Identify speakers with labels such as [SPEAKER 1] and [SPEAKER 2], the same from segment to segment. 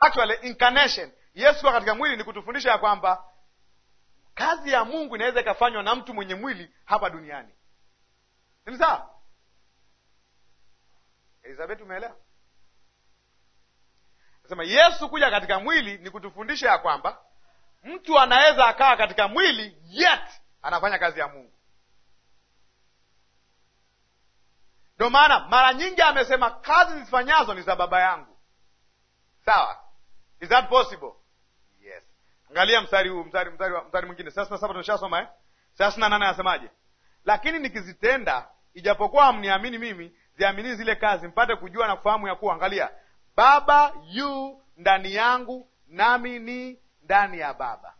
[SPEAKER 1] actually incarnation, Yesu kuwa katika mwili ni kutufundisha ya kwamba kazi ya Mungu inaweza ikafanywa na mtu mwenye mwili hapa duniani. Ni sawa Elizabeth, umeelewa? Nasema Yesu kuja katika mwili ni kutufundisha ya kwamba mtu anaweza akawa katika mwili yet anafanya kazi ya Mungu. Ndio maana mara nyingi amesema kazi zifanyazo ni za Baba yangu, sawa Is that possible? Yes. Angalia mstari huu, mstari mstari mstari mwingine thelathini saba tumeshasoma eh? na nane anasemaje? Lakini nikizitenda ijapokuwa hamniamini mimi, ziamini zile kazi, mpate kujua na kufahamu ya kuwa, angalia, Baba yu ndani yangu, nami ni ndani ya Baba.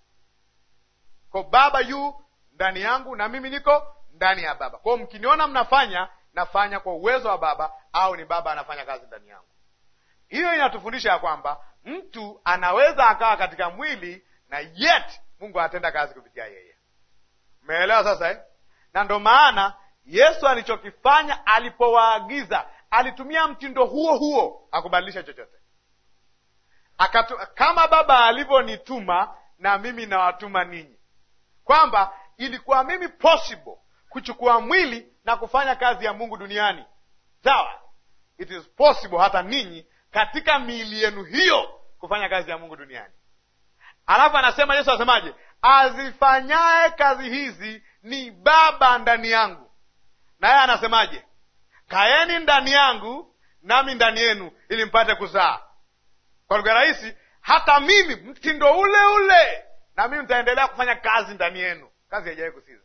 [SPEAKER 1] ko Baba yu ndani yangu na mimi niko ndani ya Baba. kwao mkiniona mnafanya, nafanya kwa uwezo wa Baba au ni Baba anafanya kazi ndani yangu. Hiyo inatufundisha ya kwamba mtu anaweza akawa katika mwili na yet Mungu anatenda kazi kupitia yeye. meelewa sasa eh? Na ndo maana Yesu alichokifanya alipowaagiza, alitumia mtindo huo huo, akubadilisha chochote Akatu, kama Baba alivyonituma na mimi nawatuma ninyi, kwamba ilikuwa mimi possible kuchukua mwili na kufanya kazi ya Mungu duniani. Sawa, it is possible hata ninyi katika miili yenu hiyo kufanya kazi ya Mungu duniani. Alafu anasema Yesu asemaje? Azifanyaye kazi hizi ni Baba ndani yangu. Naye anasemaje? Kaeni ndani yangu, nami ndani yenu, ili mpate kuzaa. Kwa lugha rahisi, hata mimi mtindo ule ule, na mimi nitaendelea kufanya kazi ndani yenu. Kazi haijawahi kusiza.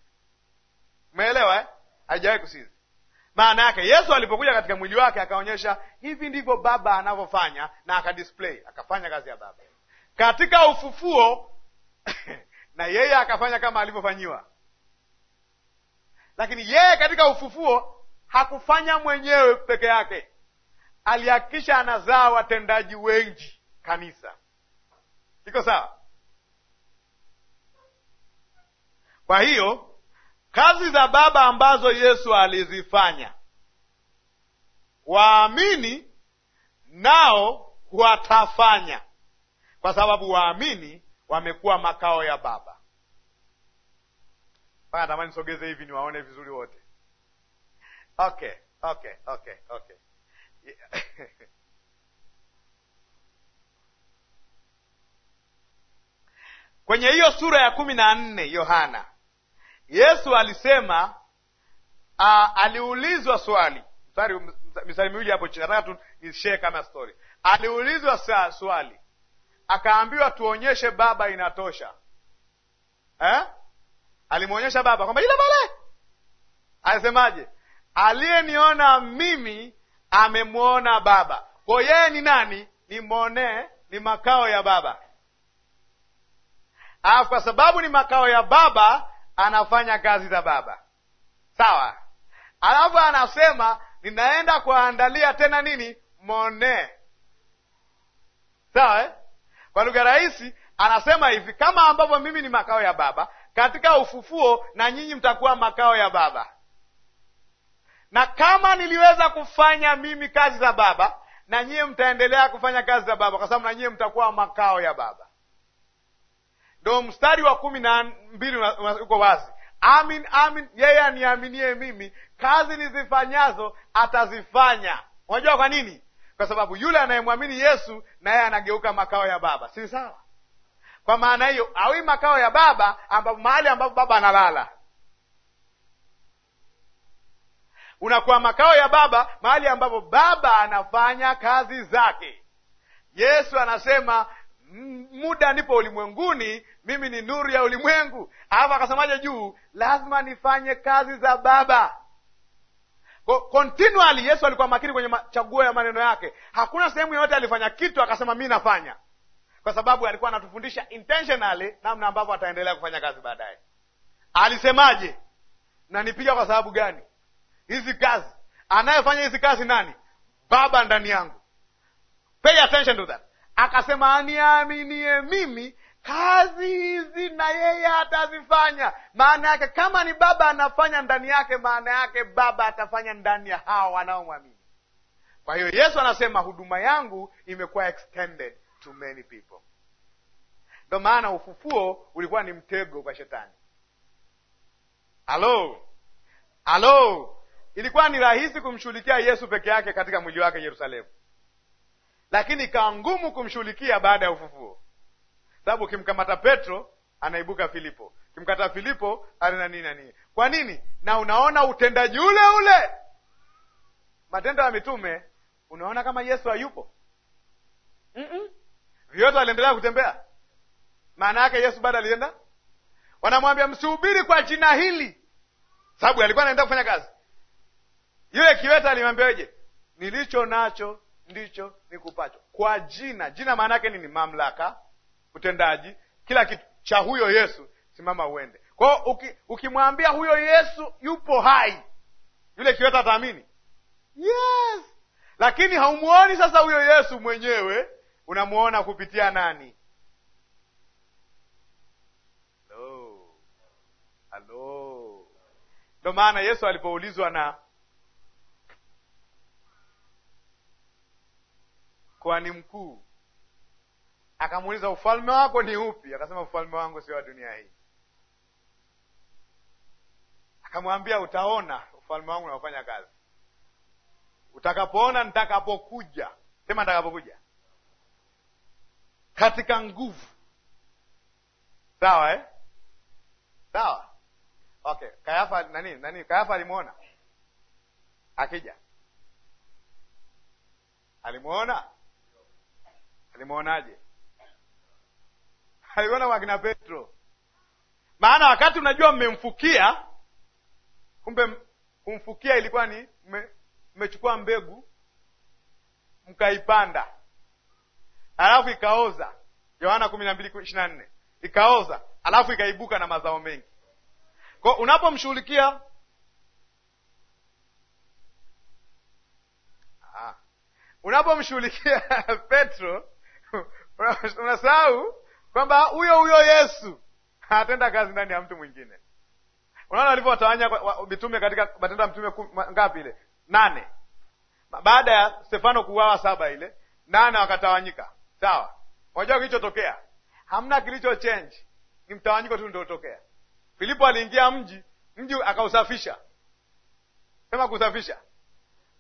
[SPEAKER 1] Umeelewa eh? Haijawahi kusiza. Maana yake Yesu alipokuja katika mwili wake akaonyesha hivi ndivyo Baba anavyofanya na akadisplay, akafanya kazi ya Baba katika ufufuo na yeye akafanya kama alivyofanyiwa, lakini yeye katika ufufuo hakufanya mwenyewe peke yake, alihakikisha anazaa watendaji wengi kanisa. Iko sawa? Kwa hiyo Kazi za Baba ambazo Yesu alizifanya, waamini nao watafanya, kwa sababu waamini wamekuwa makao ya Baba. Mpaka natamani nisogeze hivi niwaone vizuri wote. Okay, okay, okay, okay. Yeah. kwenye hiyo sura ya kumi na nne Yohana Yesu alisema uh, aliulizwa swali mstari mistari miwili hapo chini, nataka tuishee kama stori. Aliulizwa swali akaambiwa, tuonyeshe Baba inatosha eh? Alimwonyesha Baba kwamba ile pale, alisemaje? Aliyeniona mimi amemwona Baba. Kwa yeye ni nani? Ni mone, ni makao ya Baba. Alafu kwa sababu ni makao ya Baba, anafanya kazi za Baba, sawa. Alafu anasema ninaenda kuandalia tena nini mone, sawa eh? Kwa lugha rahisi anasema hivi, kama ambavyo mimi ni makao ya Baba katika ufufuo, na nyinyi mtakuwa makao ya Baba. Na kama niliweza kufanya mimi kazi za Baba, na nyinyi mtaendelea kufanya kazi za Baba, kwa sababu na nyinyi mtakuwa makao ya Baba ndo mstari wa kumi na mbili uko wazi. Amin, amin, yeye aniaminie mimi, kazi nizifanyazo atazifanya. Unajua kwa nini? Kwa sababu yule anayemwamini Yesu naye anageuka makao ya Baba, si sawa? Kwa maana hiyo, awi makao ya Baba ambapo mahali ambapo Baba analala unakuwa makao ya Baba mahali ambapo Baba anafanya kazi zake. Yesu anasema muda nipo ulimwenguni, mimi ni nuru ya ulimwengu. Alafu akasemaje juu, lazima nifanye kazi za Baba. Continually Yesu alikuwa makini kwenye chaguo ya maneno yake. Hakuna sehemu yoyote alifanya kitu akasema mi nafanya, kwa sababu alikuwa anatufundisha intentionally namna ambavyo ataendelea kufanya kazi baadaye. Alisemaje? nanipiga kwa sababu gani? hizi kazi anayefanya hizi kazi nani? Baba ndani yangu. Pay attention to that akasema, aniaminie mimi kazi hizi na yeye atazifanya. Maana yake kama ni baba anafanya ndani yake, maana yake baba atafanya ndani ya hawa wanaomwamini. Kwa hiyo Yesu anasema huduma yangu imekuwa extended to many people. Ndo maana ufufuo ulikuwa ni mtego kwa shetani. Halo, halo, ilikuwa ni rahisi kumshughulikia Yesu peke yake katika mwili wake Yerusalemu lakini ikawa ngumu kumshughulikia baada ya ufufuo, sababu ukimkamata Petro anaibuka Filipo, ukimkata Filipo ana nini na nini. Kwa nini? Na unaona utendaji ule ule, Matendo ya Mitume, unaona kama Yesu hayupo. mm -mm. Vyote aliendelea kutembea, maana yake Yesu bado alienda. Wanamwambia msihubiri kwa jina hili, sababu alikuwa anaenda kufanya kazi. Yule kiweta alimwambiaje? Nilicho nacho ndicho nikupacho kwa jina. Jina maana yake nini? Mamlaka, utendaji, kila kitu cha huyo Yesu. Simama uende kwao. Ukimwambia uki huyo Yesu yupo hai, yule kiweta ataamini. Yes, lakini haumwoni sasa huyo Yesu mwenyewe, unamwona kupitia nani? Halo, halo. Ndo maana Yesu alipoulizwa na kuhani mkuu. Akamuuliza, ufalme wako ni upi? Akasema, ufalme wangu sio wa dunia hii. Akamwambia, utaona ufalme wangu unaofanya kazi utakapoona nitakapokuja. Sema nitakapokuja katika nguvu. Sawa eh? Sawa, okay. Kayafa nani nani, Kayafa alimwona akija, alimwona alimwonaje? aliona kwa kina Petro. Maana wakati unajua mmemfukia, kumbe kumfukia ilikuwa ni mmechukua mbegu mkaipanda, alafu ikaoza. Yohana kumi na mbili ishirini na nne ikaoza, alafu ikaibuka na mazao mengi. Kwa unapomshughulikia ah. unapomshughulikia Petro unasahau kwamba huyo huyo Yesu atenda kazi ndani ya mtu mwingine. Unaona alivyowatawanya mitume katika Matendo ya Mtume ngapi? Ile nane, baada ya Stefano kuuawa, saba ile nane wakatawanyika. Sawa, unajua kilichotokea? Hamna kilicho change, ni mtawanyiko tu ndiotokea. Filipo aliingia mji, mji akausafisha. Sema kusafisha,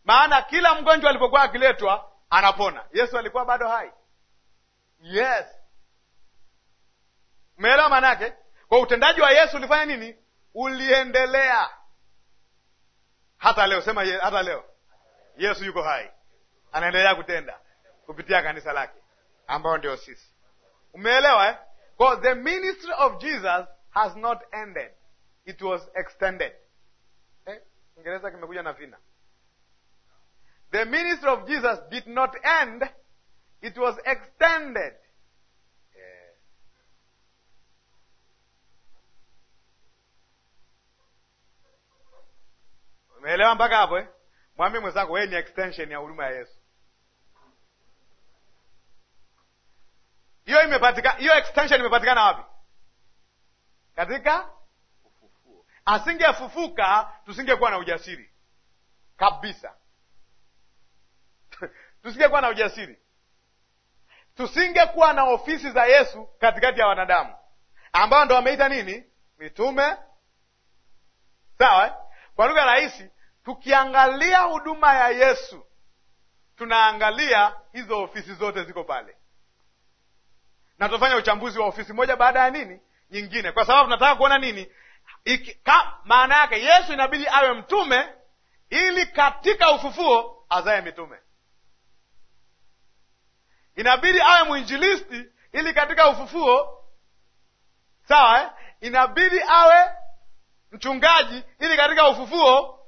[SPEAKER 1] maana kila mgonjwa alipokuwa akiletwa anapona. Yesu alikuwa bado hai. Yes, umeelewa maana yake? Kwa utendaji wa Yesu ulifanya nini? Uliendelea hata leo. Sema ye, hata leo Yesu yuko hai, anaendelea kutenda kupitia kanisa lake ambayo ndio sisi. Umeelewa eh? the ministry of Jesus has not ended, it was extended. Eh? Ingereza kimekuja na vina. The ministry of Jesus did not end It was extended. Umeelewa mpaka hapo eh? Mwambie mwenzako wewe ni extension ya huruma ya Yesu. Hiyo imepatikana, hiyo extension imepatikana wapi? Katika ufufuo. Asingefufuka tusingekuwa na ujasiri kabisa. tusingekuwa na ujasiri tusingekuwa na ofisi za Yesu katikati ya wanadamu ambao ndo wameita nini mitume, sawa. Eh? Kwa lugha rahisi, tukiangalia huduma ya Yesu tunaangalia hizo ofisi zote ziko pale, na tunafanya uchambuzi wa ofisi moja baada ya nini nyingine, kwa sababu tunataka kuona nini maana yake. Yesu inabidi awe mtume ili katika ufufuo azae mitume inabidi awe mwinjilisti ili katika ufufuo, sawa eh? Inabidi awe mchungaji ili katika ufufuo,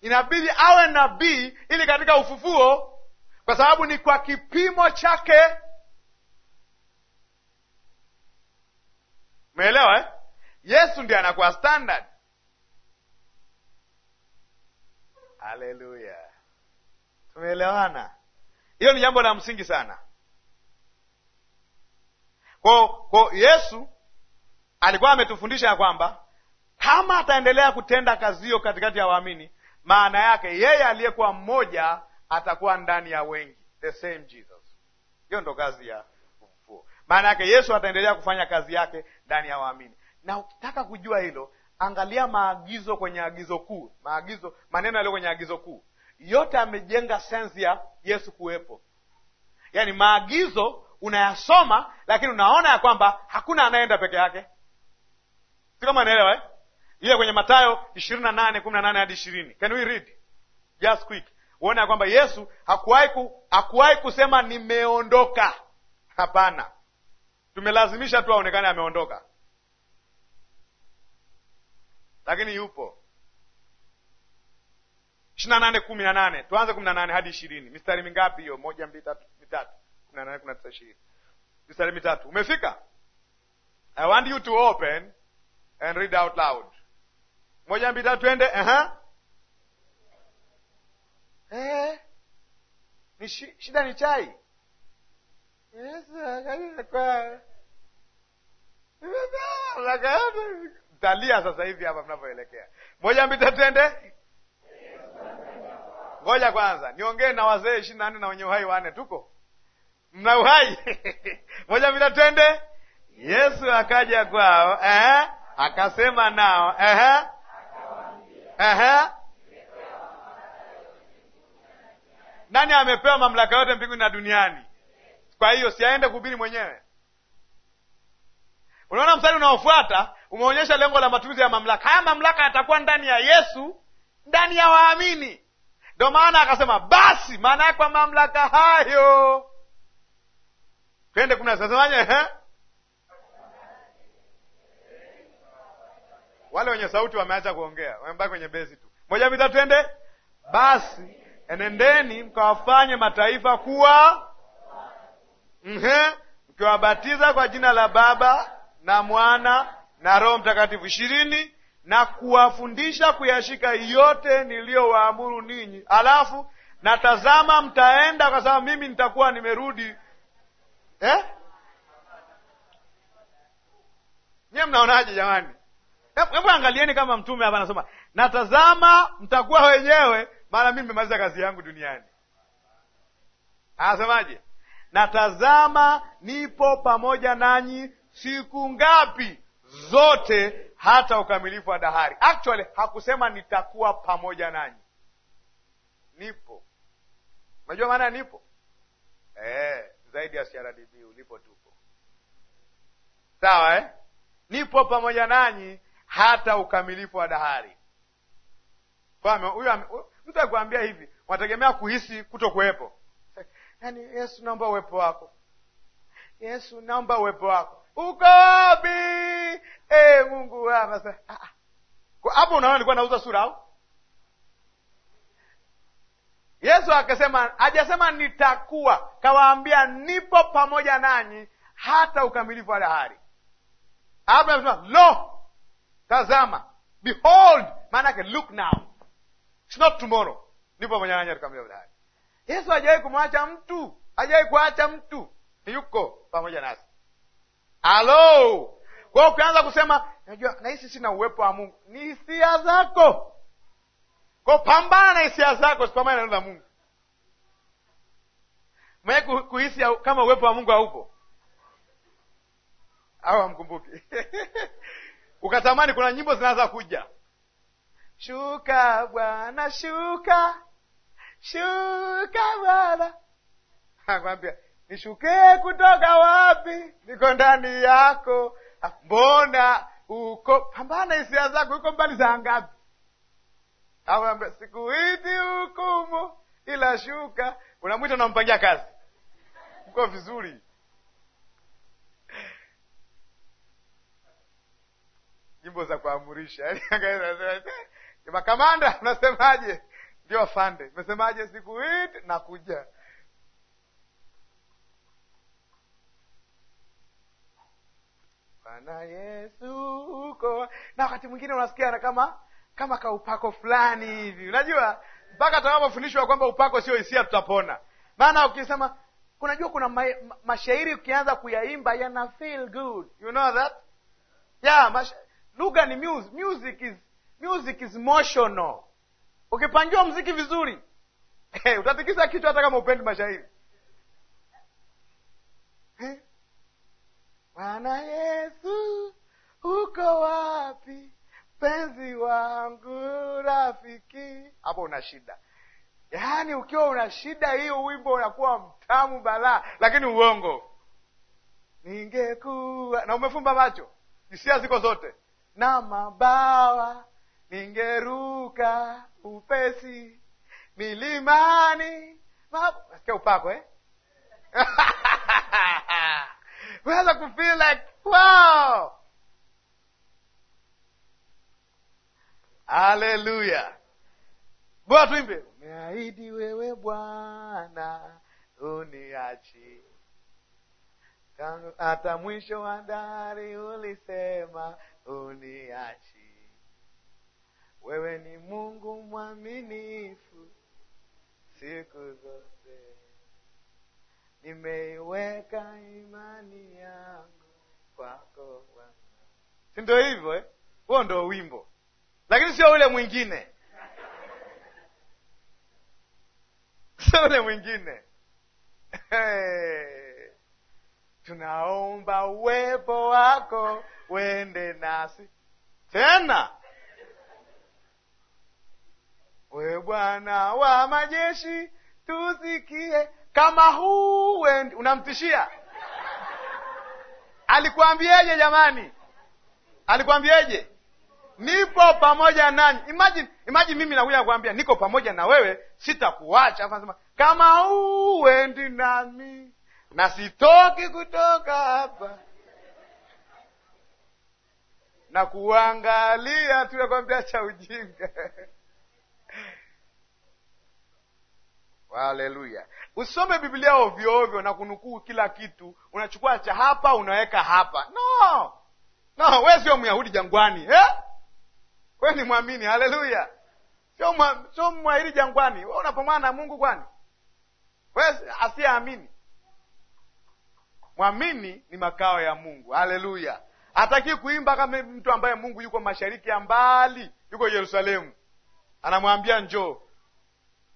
[SPEAKER 1] inabidi awe nabii ili katika ufufuo, kwa sababu ni kwa kipimo chake. Umeelewa eh? Yesu ndi anakuwa standard. Haleluya, tumeelewana hiyo ni jambo la msingi sana. Kwa kwa Yesu alikuwa ametufundisha ya kwamba kama ataendelea kutenda kazi hiyo katikati ya waamini, maana yake yeye aliyekuwa mmoja atakuwa ndani ya wengi, the same Jesus. Hiyo ndo kazi ya ufufuo. Maana yake Yesu ataendelea kufanya kazi yake ndani ya waamini, na ukitaka kujua hilo, angalia maagizo kwenye agizo kuu, maagizo maneno yaliyo kwenye agizo kuu yote amejenga sensi ya Yesu kuwepo. Yaani maagizo unayasoma, lakini unaona ya kwamba hakuna anayeenda peke yake, si kama naelewa eh? Ile kwenye matayo ishirini na nane kumi na nane hadi ishirini Can we read just quick, uone ya kwamba Yesu hakuwahi ku, hakuwahi kusema nimeondoka. Hapana, tumelazimisha tu aonekane ameondoka, lakini yupo ishirini na nane kumi na nane tuanze kumi na nane hadi ishirini mistari mingapi hiyo? Moja, mbili, tatu, mitatu. kumi na nane kumi na tisa ishirini mistari mitatu. Umefika? I want you to open and read out loud. Moja, mbili, tatu, twende. Aha, eh, ni shida ni chai dalia sasa hivi hapa mnavyoelekea. Moja, mbili, tatu, twende ngoja kwanza niongee na wazee ishirini na nne na wenye uhai wanne. Tuko mna uhai moja vila twende. Yesu akaja kwao, eh, akasema nao, eh, eh. Nani amepewa mamlaka yote mbinguni na duniani? Kwa hiyo siaende kuhubiri mwenyewe. Unaona, mstari unaofuata umeonyesha lengo la matumizi ya mamlaka haya. Mamlaka yatakuwa ndani ya Yesu, ndani ya waamini. Ndio maana akasema basi, maana yake kwa mamlaka hayo, twende kumi na sita semaje? Eh? Wale wenye sauti wameacha kuongea, wamebaki kwenye besi tu. Moja vita, twende basi, enendeni mkawafanye mataifa kuwa mkiwabatiza kwa jina la Baba na Mwana na Roho Mtakatifu. ishirini na kuwafundisha kuyashika yote niliyowaamuru ninyi. Alafu natazama mtaenda, kwa sababu mimi nitakuwa nimerudi eh? Nyiwe mnaonaje jamani? Hebu angalieni kama mtume hapa anasema natazama mtakuwa wenyewe, maana mimi nimemaliza kazi yangu duniani. Anasemaje? natazama nipo pamoja nanyi siku ngapi? Zote hata ukamilifu wa dahari. Actually hakusema nitakuwa pamoja nanyi, nipo. Unajua maana nipo eh, zaidi ya CRDB ulipo tupo, sawa eh? Nipo pamoja nanyi hata ukamilifu wa dahari. Huyo mtu akikwambia hivi, unategemea kuhisi kuto kuwepo, yaani Yesu, naomba uwepo wako Yesu, naomba uwepo wako uko wapi? E, eh, Mungu wangu. Ah, ah. Hapo unaona nilikuwa nauza sura au? Yesu akasema, hajasema nitakuwa, kawaambia nipo pamoja nanyi hata ukamilifu wa dahari. Hapo anasema lo, tazama, behold, maana yake look now, it's not tomorrow, nipo pamoja nanyi hata ukamilifu wa dahari. Yesu hajawahi kumwacha mtu, hajawahi kuacha mtu yuko pamoja nasi. Alo, kwao ukianza kusema najua nahisi sina uwepo wa Mungu, ni hisia zako. ko pambana na hisia zako, sipambane na neno la Mungu. Mwenye kuhisi kama uwepo wa Mungu haupo au amkumbuki ukatamani. Kuna nyimbo zinaweza kuja, shuka Bwana shuka, shuka Bwana, nakwambia nishukie kutoka wapi? Niko ndani yako. Ah, mbona uko pambana hisia zako, uko mbali za ngapi? siku sikuiti hukumu, ila shuka. Unamwita, unampangia kazi, uko vizuri. Nyimbo za kuamurisha yaani, makamanda, unasemaje? Ndio afande, umesemaje? Sikuiti, nakuja Bwana Yesu uko. Na wakati mwingine unasikia na kama kama ka upako fulani hivi, unajua mpaka tunapofundishwa kwamba upako sio hisia, tutapona. Maana ukisema kunajua kuna, ma, ma, mashairi ukianza kuyaimba yana feel good, you know that yeah, mash... lugha ni music. Music is, music is motional. Ukipangiwa mziki vizuri hey, utatikisa kichwa hata kama upendi mashairi hey. Eh? Bwana Yesu, uko wapi mpenzi wangu, rafiki? Hapo una shida. Yaani ukiwa una shida hiyo, wimbo unakuwa mtamu balaa, lakini uongo. Ningekuwa na umefumba macho, hisia ziko zote, na mabawa ningeruka upesi milimani. Nasikia upako eh? unaweza kufeel like wow haleluya bwa tuimbe umeahidi wewe bwana uniachi tangu hata mwisho wa dari ulisema uniachi wewe ni mungu mwaminifu siku zote nimeiweka imani yangu kwako Bwana. Si ndio hivyo eh? Huo ndio wimbo, lakini sio ule mwingine, sio ule mwingine hey. Tunaomba uwepo wako wende nasi tena, we Bwana wa majeshi, tusikie kama huu wendi, unamtishia. Alikwambieje jamani? Alikwambieje? nipo pamoja nanyi. Imagine, imagine mimi nakuja kukwambia niko pamoja na wewe, sitakuacha. Afu nasema kama huu wendi nami na sitoki kutoka hapa na kuangalia tu, nakwambia cha ujinga Haleluya! Usome Biblia ovyo ovyo na kunukuu kila kitu, unachukua cha hapa unaweka hapa. No, no, we sio myahudi jangwani eh? We ni mwamini. Haleluya! sio sio mwahiri jangwani. We unapambana na Mungu kwani? We asiyeamini. Mwamini ni makao ya Mungu. Haleluya! hataki kuimba kama mtu ambaye Mungu yuko mashariki ya mbali, yuko Yerusalemu, anamwambia njoo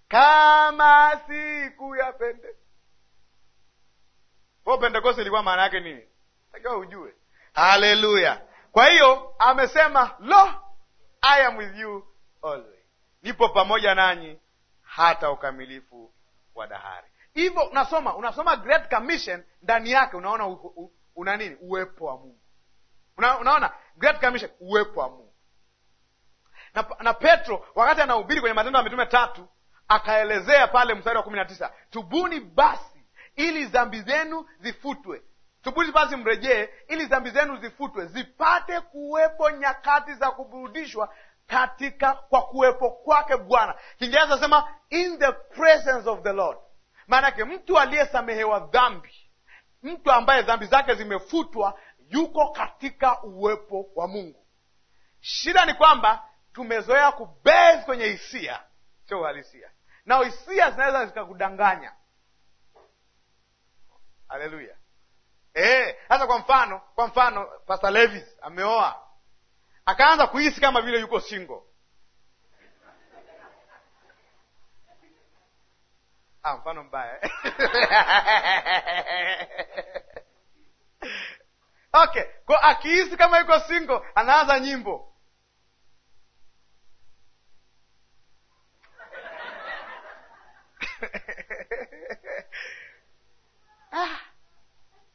[SPEAKER 1] kama siku ya pende Kwa Pentekoste ilikuwa maana yake nini? Takiwa ujue. Haleluya! Kwa hiyo amesema lo, I am with you always, nipo pamoja nanyi hata ukamilifu wa dahari. Hivyo unasoma unasoma Great Commission ndani yake unaona u, u, una nini uwepo wa Mungu una, unaona Great Commission uwepo wa Mungu na, na Petro wakati anahubiri kwenye Matendo ya Mitume tatu akaelezea pale mstari wa kumi na tisa tubuni basi ili dhambi zenu zifutwe tubuni basi mrejee ili dhambi zenu zifutwe zipate kuwepo nyakati za kuburudishwa katika kwa kuwepo kwake bwana kiingereza sema in the presence of the lord maanake mtu aliyesamehewa dhambi mtu ambaye dhambi zake zimefutwa yuko katika uwepo wa mungu shida ni kwamba tumezoea kubezi kwenye hisia sio uhalisia na hisia zinaweza zikakudanganya. Haleluya! Sasa eh, e, kwa mfano kwa mfano Pastor Levis ameoa akaanza kuhisi kama vile yuko single. Ah, mfano mbaya okay, kwa akihisi kama yuko single anaanza nyimbo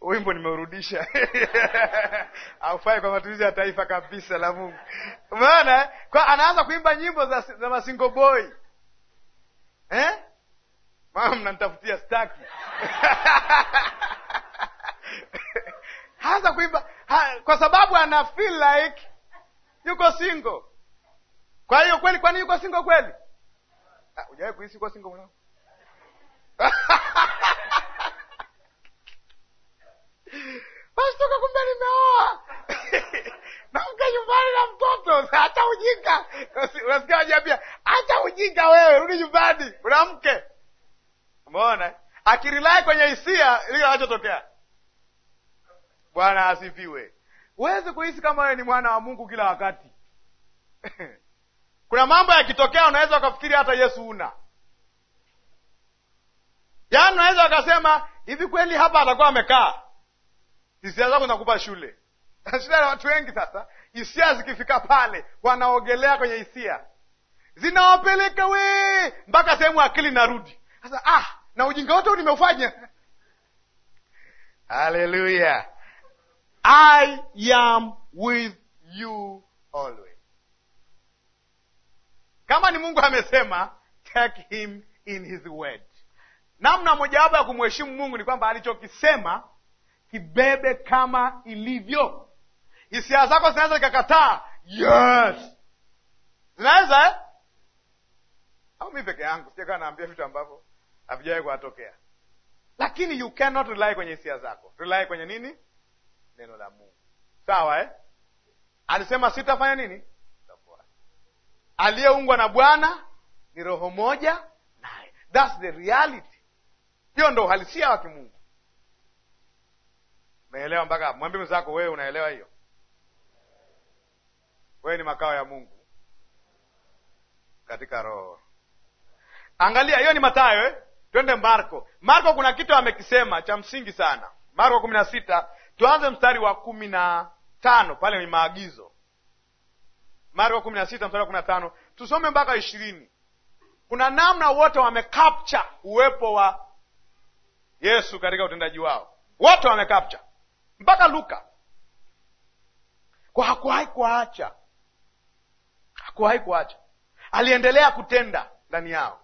[SPEAKER 1] wimbo nimeurudisha aufai kwa matumizi ya taifa kabisa la Mungu. Umeona, eh? kwa anaanza kuimba nyimbo za, za masingo boy eh? Mama mnanitafutia staki haanza kuimba ha, kwa sababu ana feel like yuko single. Kwa hiyo kweli, kwani yuko single kweli? Ah, hujawahi kuhisi uko single mwanangu? Pastoka, kumbe nimeoa namka nyumbani na mtoto, hata ujinga. Unasikia wajiambia, hata ujinga wewe, rudi nyumbani, una mke. Umeona, akirilai kwenye hisia ile anachotokea. Bwana asifiwe. Huwezi kuhisi kama wewe ni mwana wa Mungu kila wakati kuna mambo yakitokea, unaweza ukafikiri hata Yesu una yaani, unaweza ukasema hivi, kweli hapa atakuwa amekaa hisia zako zinakupa shule. Shida na watu wengi sasa, hisia zikifika pale wanaogelea kwenye hisia, zinawapeleka we mpaka sehemu akili narudi sasa. Ah, na ujinga wote nimeufanya. Haleluya, I am with you always. Kama ni Mungu amesema, take him in his word. Namna mojawapo ya kumheshimu Mungu ni kwamba alichokisema kibebe kama ilivyo. Hisia zako zinaweza zikakataa, yes, zinaweza eh? au mi peke yangu sijakaa naambia vitu ambavyo havijawai kuwatokea, lakini you cannot rely kwenye hisia zako, rely kwenye nini? Neno la Mungu, sawa eh? Alisema sitafanya nini? Aliyeungwa na Bwana ni roho moja naye. That's the reality, hiyo ndo uhalisia wa Kimungu. Umeelewa mpaka? Mwambie mwenzako, wewe unaelewa hiyo? Wewe ni makao ya Mungu katika Roho. Angalia, hiyo ni Mathayo eh? Twende Marko. Marko kuna kitu amekisema cha msingi sana. Marko kumi na sita, tuanze mstari wa kumi na tano pale ni maagizo. Marko kumi na sita mstari wa kumi na tano tusome mpaka ishirini. Kuna namna wote wamekapcha uwepo wa Yesu katika utendaji wao, wote wamecapture mpaka Luka kwa hakuwahi kuwaacha, hakuwahi kuacha, aliendelea kutenda ndani yao,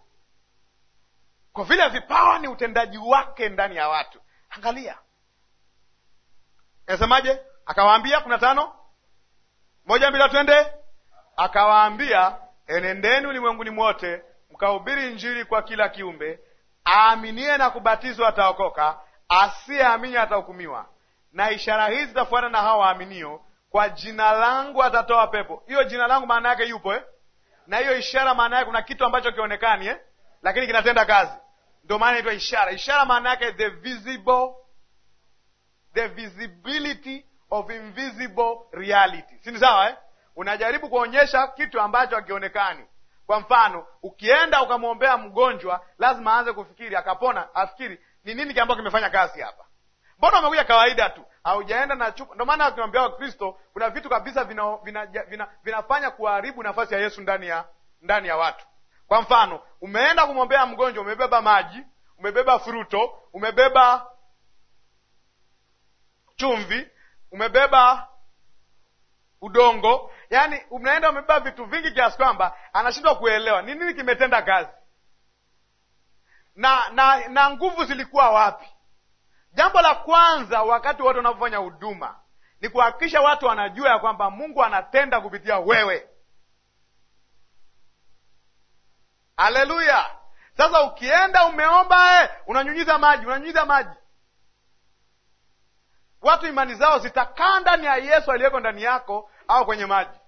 [SPEAKER 1] kwa vile vipawa ni utendaji wake ndani ya watu. Angalia nasemaje, akawaambia kuna tano moja mbili, twende. Akawaambia, enendeni ulimwenguni mwote mkahubiri Injili kwa kila kiumbe, aaminie na kubatizwa ataokoka, asiyeamini atahukumiwa na ishara hizi zitafuata na hawa waaminio, kwa jina langu atatoa pepo. Hiyo jina langu maana yake yupo eh? na hiyo ishara maana yake kuna kitu ambacho kionekani eh? lakini kinatenda kazi, ndio maana inaitwa ishara. Ishara maana yake the visible, the visibility of invisible reality, si ni sawa eh? Unajaribu kuonyesha kitu ambacho hakionekani. Kwa mfano, ukienda ukamwombea mgonjwa, lazima aanze kufikiri akapona, afikiri ni nini ambacho kimefanya kazi hapa Mbona umekuja kawaida tu, haujaenda na chupa. Ndio maana tunaambia Wakristo kuna vitu kabisa vinafanya vina, vina, vina kuharibu nafasi ya Yesu ndani ya ndani ya watu. Kwa mfano, umeenda kumwombea mgonjwa, umebeba maji, umebeba fruto, umebeba chumvi, umebeba udongo, yaani unaenda umebeba vitu vingi kiasi kwamba anashindwa kuelewa ni nini kimetenda kazi na na, na nguvu zilikuwa wapi Jambo la kwanza wakati watu wanapofanya huduma ni kuhakikisha watu wanajua ya kwamba Mungu anatenda kupitia wewe. Haleluya! Sasa ukienda umeomba, eh, unanyunyiza maji, unanyunyiza maji, watu imani zao zitakaa ndani ya Yesu aliyeko ndani yako au kwenye maji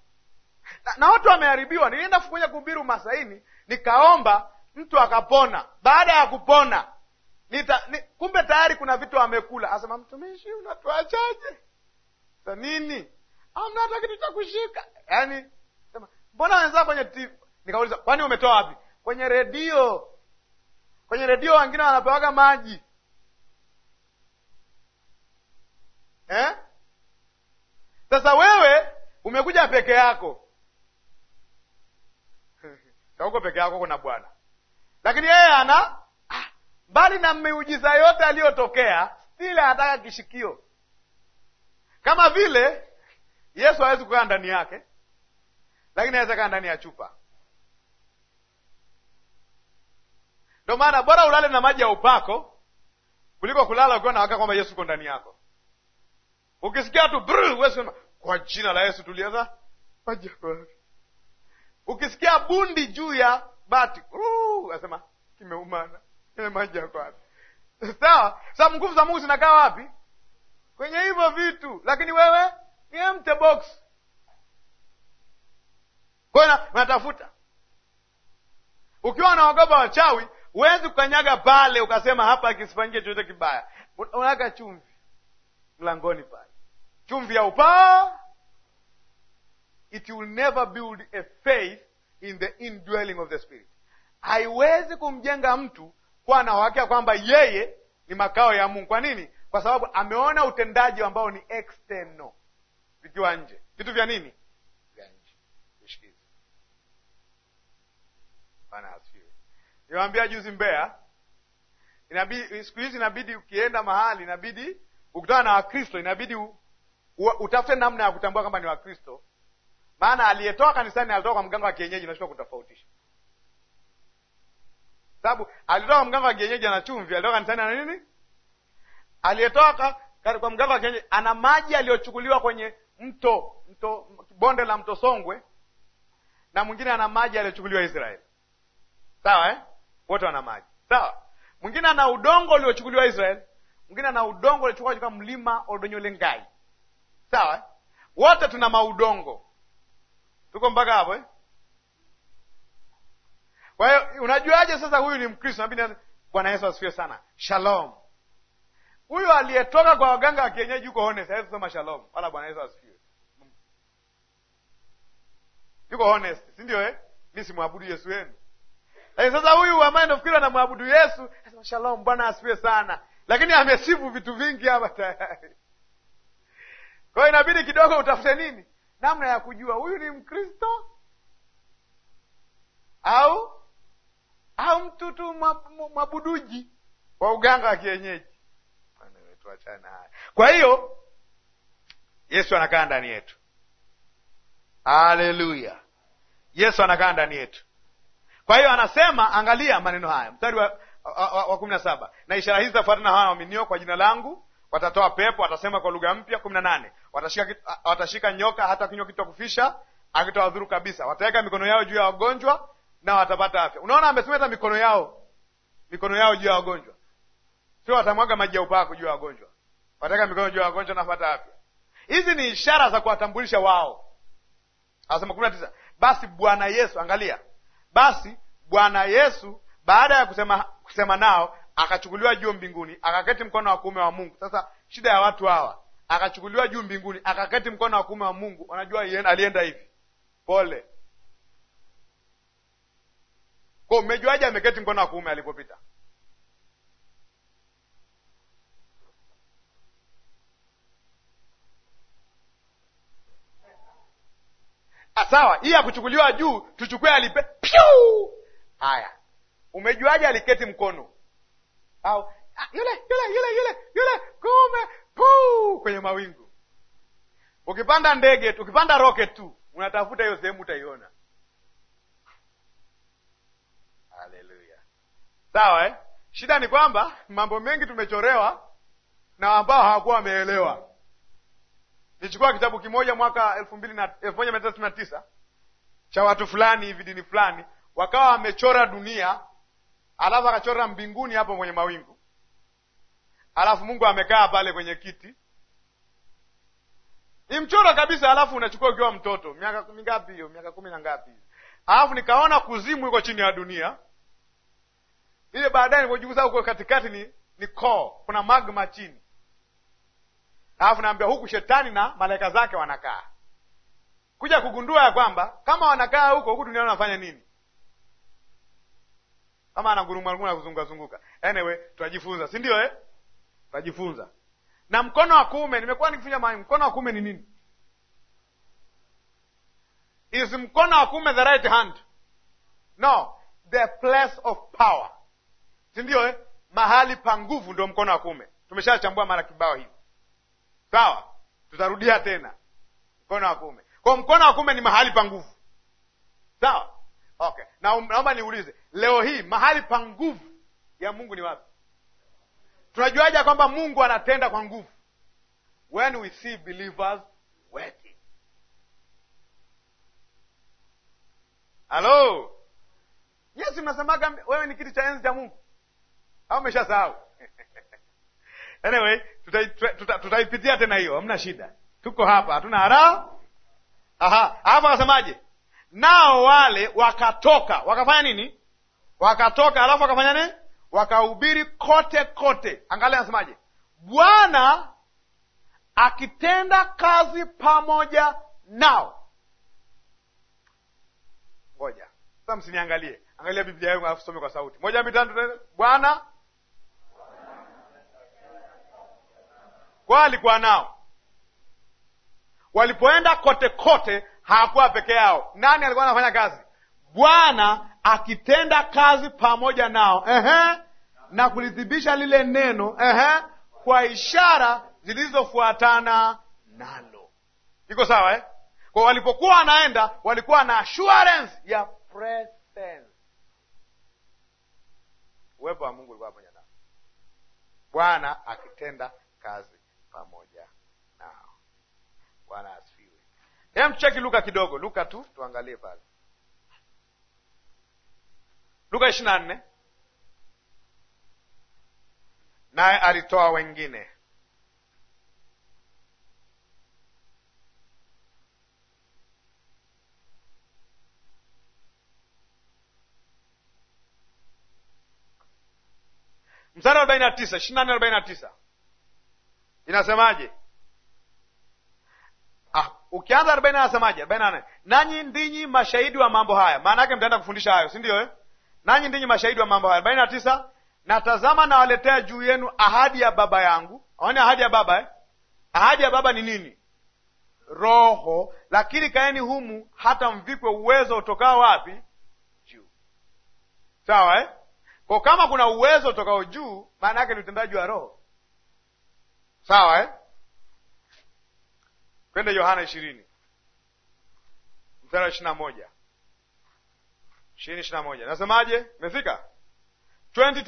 [SPEAKER 1] na, na watu wameharibiwa. Nilienda kuja kuhubiri Umasaini, nikaomba mtu akapona. Baada ya kupona nita, ni, kumbe tayari kuna vitu amekula. Asema mtumishi, unatuachaje? Sa nini? Amna hata kitu cha kushika. Yaani sema mbona wenzao kwenye TV? Nikauliza, kwani umetoa wapi? Kwenye redio. Kwenye redio wengine wanapewaga maji eh? Sasa wewe umekuja peke yako huko peke yako kuna Bwana, lakini yeye ana mbali na miujiza yote aliyotokea, stili anataka kishikio, kama vile Yesu hawezi kukaa ndani yake, lakini aweza kaa ndani ya chupa. ndo maana bora ulale na maji ya upako kuliko kulala ukiwa na kwamba Yesu uko ndani yako. Ukisikia tu sema kwa jina la Yesu tuliweza maji. Ukisikia bundi juu ya bati, asema kimeumana maji Sawa, sababu nguvu za Mungu zinakaa wapi? Kwenye hivyo vitu, lakini wewe ni empty box. Kwa unatafuta, ukiwa unaogopa wachawi huwezi kukanyaga pale ukasema hapa akisifanyike chochote kibaya. Unaweka chumvi mlangoni pale, chumvi ya upaa. It will never build a faith in the indwelling of the spirit. Haiwezi kumjenga mtu kuwa na uhakika kwamba yeye ni makao ya Mungu. Kwa nini? Kwa sababu ameona utendaji ambao ni external, vikiwa nje, vitu vya nini, vya nje. Bwana asifiwe. Niwaambia juzi Mbeya, inabidi siku hizi, inabidi ukienda mahali, inabidi ukutana na Wakristo, inabidi u, u, utafute namna ya kutambua kama ni Wakristo, maana aliyetoka kanisani alitoka kwa mganga wa kienyeji, unashindwa kutofautisha sababu alitoka mganga wa kienyeji ana chumvi, alitoka kanisani ana nini, aliyetoka kwa mganga wa kienyeji ana maji aliyochukuliwa kwenye mto mto bonde la mto Songwe, na mwingine ana maji aliyochukuliwa Israeli. Sawa eh? wote wana maji sawa. Mwingine ana udongo uliochukuliwa Israeli, mwingine ana udongo uliochukuliwa katika mlima Odonyolengai. Sawa eh? wote tuna maudongo, tuko mpaka hapo eh? Kwa hiyo unajuaje sasa huyu ni Mkristo? Bwana Yesu asifiwe sana. Shalom, huyu aliyetoka kwa waganga wa kienyeji yuko honest, hawezi kusema shalom wala Bwana Yesu asifiwe. Yuko honest, si ndio eh? Mi simwabudu Yesu wenu. Lakini sasa huyu ambaye ndofikiri anamwabudu Yesu anasema shalom, Bwana asifiwe sana, lakini amesifu vitu vingi hapa tayari. Kwa hiyo inabidi kidogo utafute nini, namna ya kujua huyu ni Mkristo au au tu mwabuduji wa uganga wa kienyeji. Tuachane haya. Kwa hiyo Yesu anakaa ndani yetu, haleluya! Yesu anakaa ndani yetu. Kwa hiyo anasema, angalia maneno haya, mstari wa, wa, wa, wa kumi na saba, na ishara hizi zitafuatana hawa waaminio, kwa jina langu watatoa pepo, watasema kwa lugha mpya. kumi na nane, watashika, watashika nyoka, hata kinywa kitokufisha akitowadhuru kabisa, wataweka mikono yao juu ya wagonjwa na watapata afya. Unaona, amesema mikono yao, mikono yao juu ya wagonjwa, sio watamwaga maji ya upako juu ya wagonjwa, wataweka mikono juu ya wagonjwa na kupata afya. Hizi ni ishara za kuwatambulisha wao. Anasema kumi na tisa, basi Bwana Yesu, angalia, basi Bwana Yesu baada ya kusema, kusema nao akachukuliwa juu mbinguni akaketi mkono wa kuume wa Mungu. Sasa shida ya watu hawa, akachukuliwa juu mbinguni akaketi mkono wa kuume wa Mungu. Wanajua alienda hivi pole kwa umejuaje ameketi mkono wa kuume alipopita? Ah, sawa, hii ya kuchukuliwa juu tuchukue alipe pyu. Haya, umejuaje aliketi mkono au ah, yule yule yule yule yule kume puu kwenye mawingu? Ukipanda ndege, ukipanda rocket tu unatafuta hiyo sehemu, utaiona Sawa eh? Shida ni kwamba mambo mengi tumechorewa na ambao hawakuwa wameelewa. Nichukua kitabu kimoja mwaka elfu mbili na elfu moja mia tatu na tisa cha watu fulani hivi dini fulani, wakawa wamechora dunia, alafu akachora mbinguni hapo kwenye mawingu, alafu Mungu amekaa pale kwenye kiti, ni mchoro kabisa. Alafu unachukua ukiwa mtoto, miaka mingapi hiyo? Miaka kumi na ngapi? Alafu nikaona kuzimu iko chini ya dunia ile baadaye nilipojiuza huko katikati ni ni koo, kuna magma chini, alafu naambia huku shetani na malaika zake wanakaa, kuja kugundua ya kwamba kama wanakaa huko huku duniani wanafanya nini, kama anagurumaguruma na kuzunguka zunguka. Anyway, tunajifunza, si ndio eh? Tunajifunza na mkono wa kuume, nimekuwa nikifunya maani. Mkono wa kuume ni nini? Is mkono wa kuume the right hand? No, the place of power si ndio eh? mahali pa nguvu ndo mkono wa kuume. Tumeshachambua mara kibao hivi, sawa? Tutarudia tena mkono wa kuume. Kwa mkono wa kuume ni mahali pa nguvu, sawa? Okay, na um, naomba niulize leo hii, mahali pa nguvu ya Mungu ni wapi? Tunajuaje kwamba Mungu anatenda kwa nguvu? When we see believers working. Halo, Yesu mnasemaga wewe ni kiti cha enzi cha Mungu au sahau Anyway, tutaipitia tuta, tuta, tuta tena hiyo, hamna shida, tuko hapa, hatuna haraka. Aha, halafu akasemaje? Nao wale wakatoka wakafanya nini? Wakatoka alafu wakafanya nini? Wakahubiri kote kote. Angalia anasemaje, Bwana akitenda kazi pamoja nao. Ngoja sasa, msiniangalie, angalia Biblia yangu alafu some kwa sauti. Moja, mbili, tatu. Bwana kwao alikuwa nao walipoenda kote kote, hawakuwa peke yao. Nani alikuwa anafanya kazi? Bwana akitenda kazi pamoja nao, ehe, na kulithibisha lile neno, ehe, kwa ishara zilizofuatana nalo. Iko sawa eh? Kwa walipokuwa wanaenda, walikuwa na assurance ya presence. Uwepo wa Mungu ulikuwa pamoja nao, Bwana akitenda kazi pamoja nao. Bwana asifiwe. Hem, cheki Luka kidogo, Luka tu tuangalie pale, Luka ishirini na nne. Naye alitoa wengine Mstari arobaini na tisa, ishirini na nne arobaini na tisa inasemaje? Ah, ukianza arobaini anasemaje? arobaini na nanyi ndinyi mashahidi wa mambo haya. Maana yake mtaenda kufundisha hayo, si ndio eh? Nanyi ndinyi mashahidi wa mambo haya. arobaini na tisa natazama nawaletea juu yenu ahadi ya baba yangu. Aone ahadi ya baba eh? ahadi ya baba ni nini? Roho. Lakini kaeni humu hata mvikwe uwezo utokao wapi? Juu. Sawa eh? Kwa kama kuna uwezo utokao juu, maana yake ni utendaji wa Roho. Sawa eh? Twende Yohana ishirini mstari wa moja ishirini moja nasemaje? mefika twenty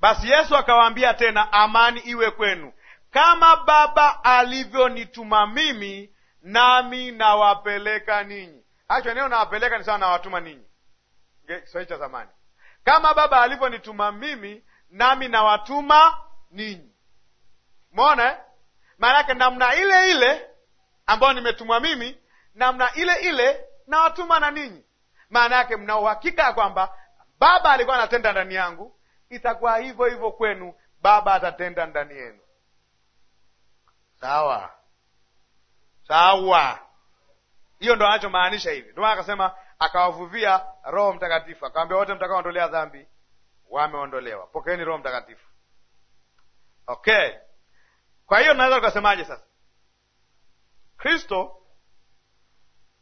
[SPEAKER 1] Basi Yesu akawaambia tena, amani iwe kwenu, kama Baba alivyonituma mimi, nami nawapeleka ninyi. Hacho eneo nawapeleka ni sawa nawatuma ninyi, Kiswahili cha zamani. Kama Baba alivyonituma mimi, nami nawatuma ninyi. Umeona eh? Maanake namna ile ile ambayo nimetumwa mimi, namna ile ile nawatuma na ninyi. Maana yake mna uhakika ya kwamba Baba alikuwa anatenda ndani yangu, itakuwa hivyo hivyo kwenu, Baba atatenda ndani yenu. Sawa sawa, hiyo ndo anachomaanisha hivi. Ndio maana akasema akawavuvia Roho Mtakatifu, akawambia wote mtakaoondolea dhambi wameondolewa, pokeeni Roho Mtakatifu. Okay, kwa hiyo naweza tukasemaje sasa, Kristo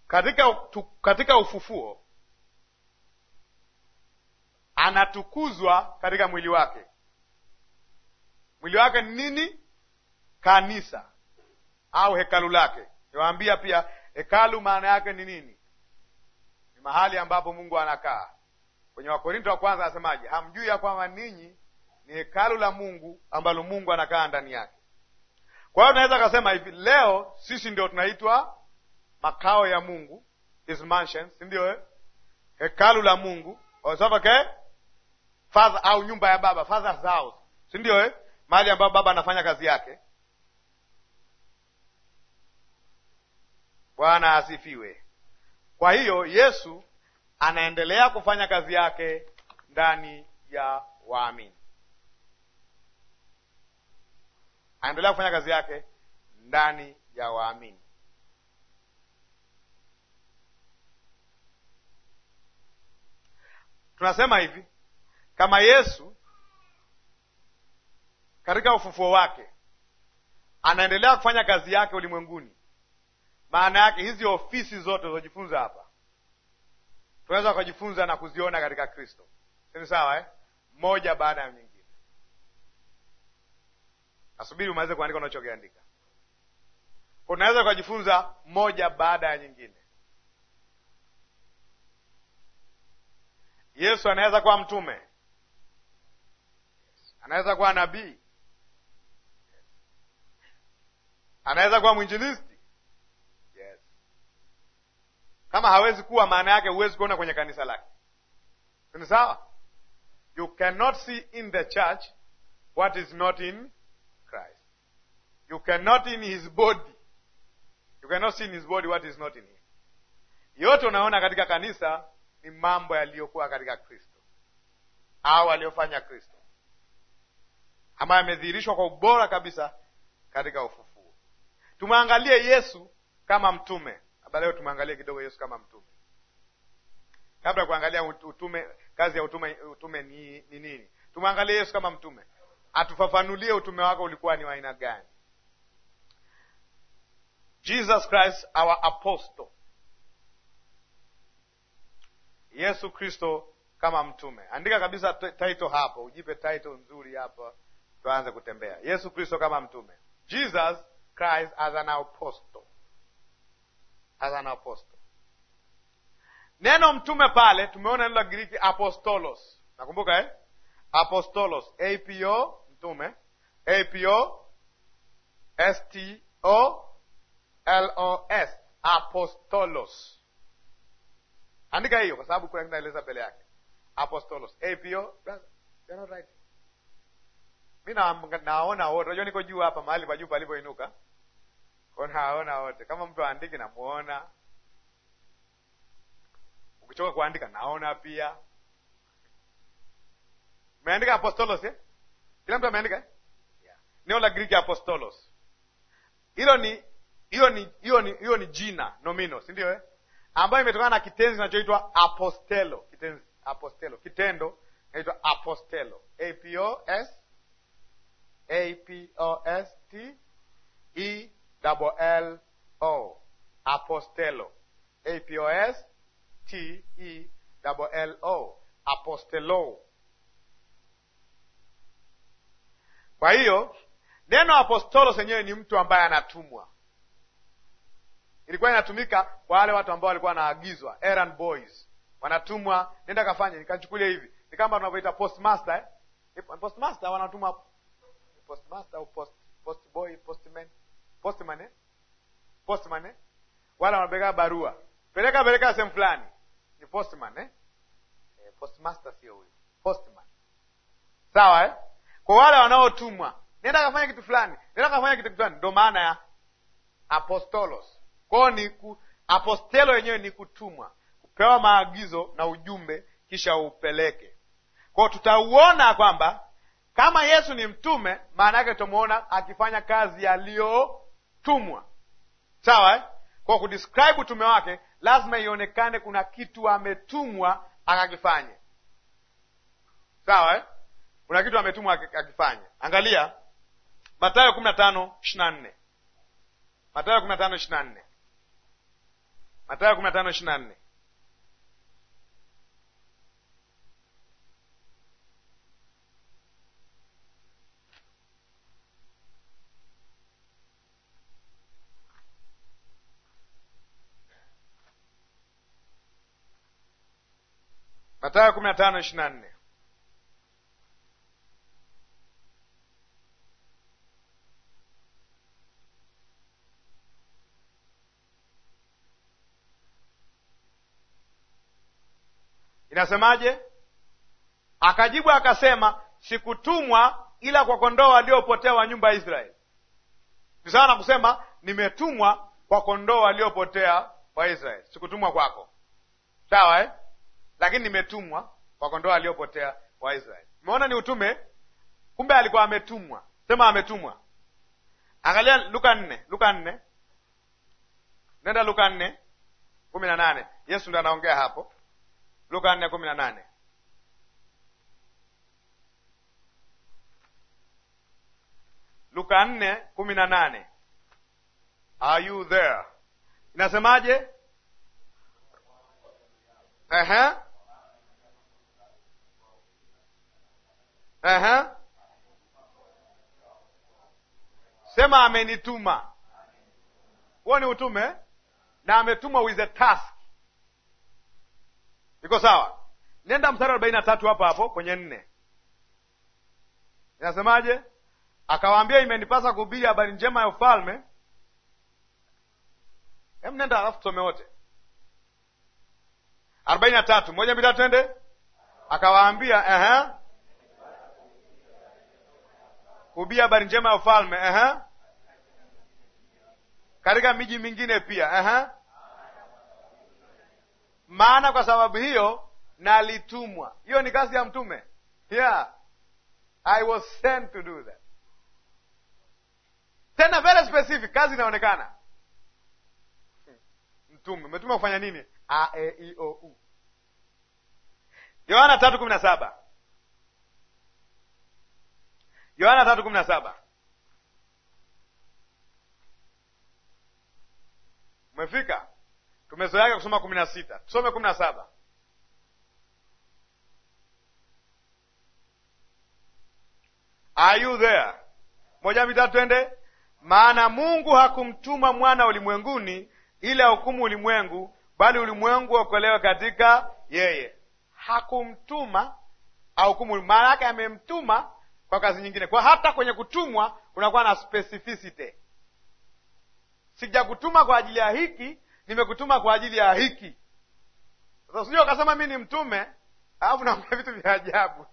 [SPEAKER 1] katika, tu, katika ufufuo anatukuzwa katika mwili wake. Mwili wake ni nini? Kanisa au hekalu lake. Niwaambia pia hekalu maana yake ni nini? Ni mahali ambapo Mungu anakaa. Kwenye Wakorinto wa kwanza anasemaje? Hamjui ya kwamba ninyi ni hekalu la Mungu ambalo Mungu anakaa ndani yake. Kwa hiyo tunaweza kasema hivi leo sisi ndio tunaitwa makao ya Mungu, his mansion, si ndio eh? hekalu la Mungu oh, okay? Father, au nyumba ya Baba, father's house, si ndio eh? mahali ambapo Baba anafanya kazi yake. Bwana asifiwe. Kwa hiyo Yesu anaendelea kufanya kazi yake ndani ya waamini. aendelea kufanya kazi yake ndani ya waamini. Tunasema hivi kama Yesu katika ufufuo wake anaendelea kufanya kazi yake ulimwenguni, maana yake hizi ofisi zote zojifunza hapa tunaweza kujifunza na kuziona katika Kristo. Sini sawa eh? Moja baada ya nyingine. Nasubiri umaweze kuandika unachokiandika. Unaweza ukajifunza moja baada ya nyingine. Yesu anaweza kuwa mtume, anaweza kuwa nabii, anaweza kuwa mwinjilisti. Yes. Kama hawezi kuwa, maana yake huwezi kuona kwenye kanisa lake, ni sawa? You cannot see in the church what is not in You cannot in his body, you cannot see in his body what is not in him. Yote unaona katika kanisa ni mambo yaliyokuwa katika Kristo au aliyofanya Kristo, ambayo amedhihirishwa kwa ubora kabisa katika ufufuo. Tumwangalie Yesu kama mtume. Leo tumeangalia kidogo Yesu kama mtume, kabla ya kuangalia utume, kazi ya utume, utume ni nini? Tumwangalie Yesu kama mtume, atufafanulie utume wako ulikuwa ni wa aina gani? Jesus Christ our apostle, Yesu Kristo kama mtume. Andika kabisa title hapo, ujipe title nzuri hapa, tuanze kutembea. Yesu Kristo kama mtume, Jesus Christ as an apostle, as an apostle. Neno mtume pale tumeona neno la Kigiriki apostolos, nakumbuka eh? Apostolos, apo mtume, apo sto L-O-S, apostolos. Andika hiyo kwa sababu kuna kinaeleza mbele yake. Apostolos, APO. They're not right. Mimi naona wote. Unajua niko juu hapa mahali pa juu palipoinuka. Kwa naona wote. Kama mtu aandiki na muona. Ukichoka kuandika naona pia. Meandika apostolos eh? Kila mtu ameandika eh? Yeah. Neno la Greek apostolos. Hilo ni hiyo ni hiyo ni hiyo ni jina nomino, si ndio eh? ambayo imetokana na kitenzi kinachoitwa apostelo. Kitenzi apostelo, kitendo kinaitwa apostelo, a p o s a p o s t e w l o apostelo, a p o s t e w l o apostelo. Kwa hiyo neno apostolo senyewe ni mtu ambaye anatumwa ilikuwa inatumika kwa wale watu ambao walikuwa wanaagizwa errand boys, wanatumwa nenda kafanye nikachukulia hivi. Ni kama tunavyoita postmaster, eh? eh postmaster wanatumwa postmaster au post post boy, postman, postman, eh? Postman eh? wala wanapeleka barua, peleka peleka sehemu fulani, ni postman eh? Eh, Postmaster sio huyo, postman sawa eh? Kwa wale wanaotumwa nenda kafanya kitu fulani, nenda kafanya kitu fulani, ndo maana ya apostolos kwao ni ku, apostelo yenyewe ni kutumwa, kupewa maagizo na ujumbe, kisha upeleke kwao. Tutauona kwamba kama Yesu ni mtume, maana yake tutamuona akifanya kazi aliyotumwa. Sawa eh? Kwa kudescribe utume wake lazima ionekane kuna kitu ametumwa akakifanye. Sawa eh? kuna kitu ametumwa akifanye. Angalia matayo kumi na tano ishirini nne matayo kumi na tano ishirini nne Mathayo kumi na tano ishirini na nne Mathayo kumi na tano ishirini na nne inasemaje? Akajibu akasema sikutumwa ila kwa kondoo waliopotea wa nyumba ya Israeli. Ni sawa na kusema nimetumwa kwa kondoo waliopotea wa Israeli, sikutumwa kwako, sawa eh? Lakini nimetumwa kwa kondoo waliopotea wa Israeli. Umeona ni utume, kumbe alikuwa ametumwa. Sema ametumwa. Angalia Luka nne, Luka nne, nenda Luka nne kumi na nane. Yesu ndo anaongea hapo Luka nne kumi na nane. Luka nne kumi na nane. Are you there? Inasemaje? Sema amenituma. Huo ni utume na ametuma with a task iko sawa? Nenda mstari arobaini na tatu hapo hapo kwenye nne, inasemaje? Akawaambia, imenipasa kuhubiri habari njema ya ufalme. em nenda alafu tusome wote arobaini na tatu moja mbili tatu, twende. Akawaambia kuhubiri habari njema ya ufalme katika miji mingine pia. Aha maana kwa sababu hiyo nalitumwa. Hiyo ni kazi ya mtume. Yeah, I was sent to do that. Tena very specific, kazi inaonekana. Hmm. Mtume umetuma kufanya nini? A, E, I, O, U. Yohana tatu kumi na saba. Yohana tatu kumi na saba. Umefika? tumezoeaka kusoma kumi na sita, tusome kumi na saba. Are you there? Moja mitatu, twende. Maana Mungu hakumtuma mwana ulimwenguni ili ahukumu ulimwengu, bali ulimwengu okolewe katika yeye. Hakumtuma ahukumu, maana yake amemtuma kwa kazi nyingine. Kwa hata kwenye kutumwa kunakuwa na specificity, sijakutuma kwa ajili ya hiki nimekutuma kwa ajili ya hiki. Sasa sijui ukasema mi ni mtume alafu naambia vitu vya ajabu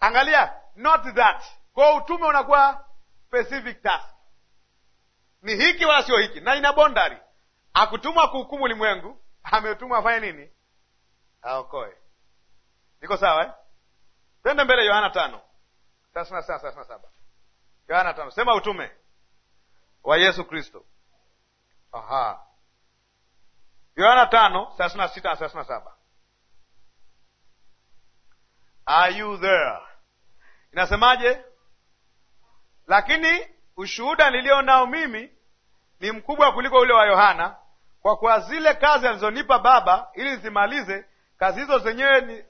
[SPEAKER 1] angalia, not that. Kwa utume unakuwa specific task, ni hiki wala sio hiki, na ina bondari. Akutumwa kuhukumu ulimwengu, ametumwa afanye nini? Aokoe. Niko sawa eh? Twende mbele, Yohana tano thelathini na sita thelathini na saba Yohana tano sema utume wa Yesu Kristo. Aha, Yohana tano thelathini na sita na thelathini na saba Are you there? Inasemaje? Lakini ushuhuda nilio nao mimi ni mkubwa kuliko ule wa Yohana, kwa kuwa zile kazi alizonipa Baba ili nizimalize kazi hizo zenyewe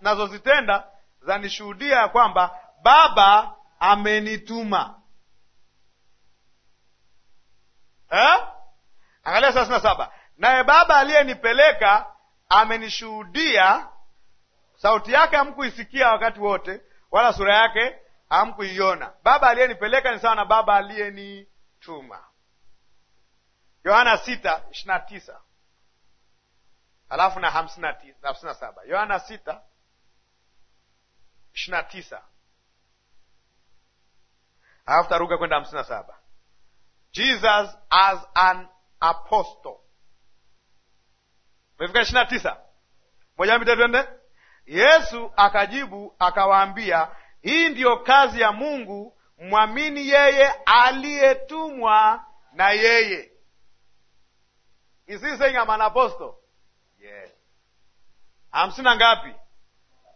[SPEAKER 1] nazozitenda, zanishuhudia ya kwamba Baba amenituma. Angalia thelathini na saba, naye Baba aliyenipeleka amenishuhudia, sauti yake hamkuisikia wakati wote, wala sura yake hamkuiona. Baba aliyenipeleka ni sawa na Baba aliyenituma. Yohana sita ishirini na tisa alafu na hamsini na saba Yohana sita ishirini na tisa alafu taruka kwenda hamsini na saba Jesus as an apostle. mefika ishirini na tisa moja mbili twende. Yesu akajibu akawaambia, hii ndiyo kazi ya Mungu, mwamini yeye aliyetumwa na yeye. Is he saying I'm an apostle? Yes. hamsini na ngapi?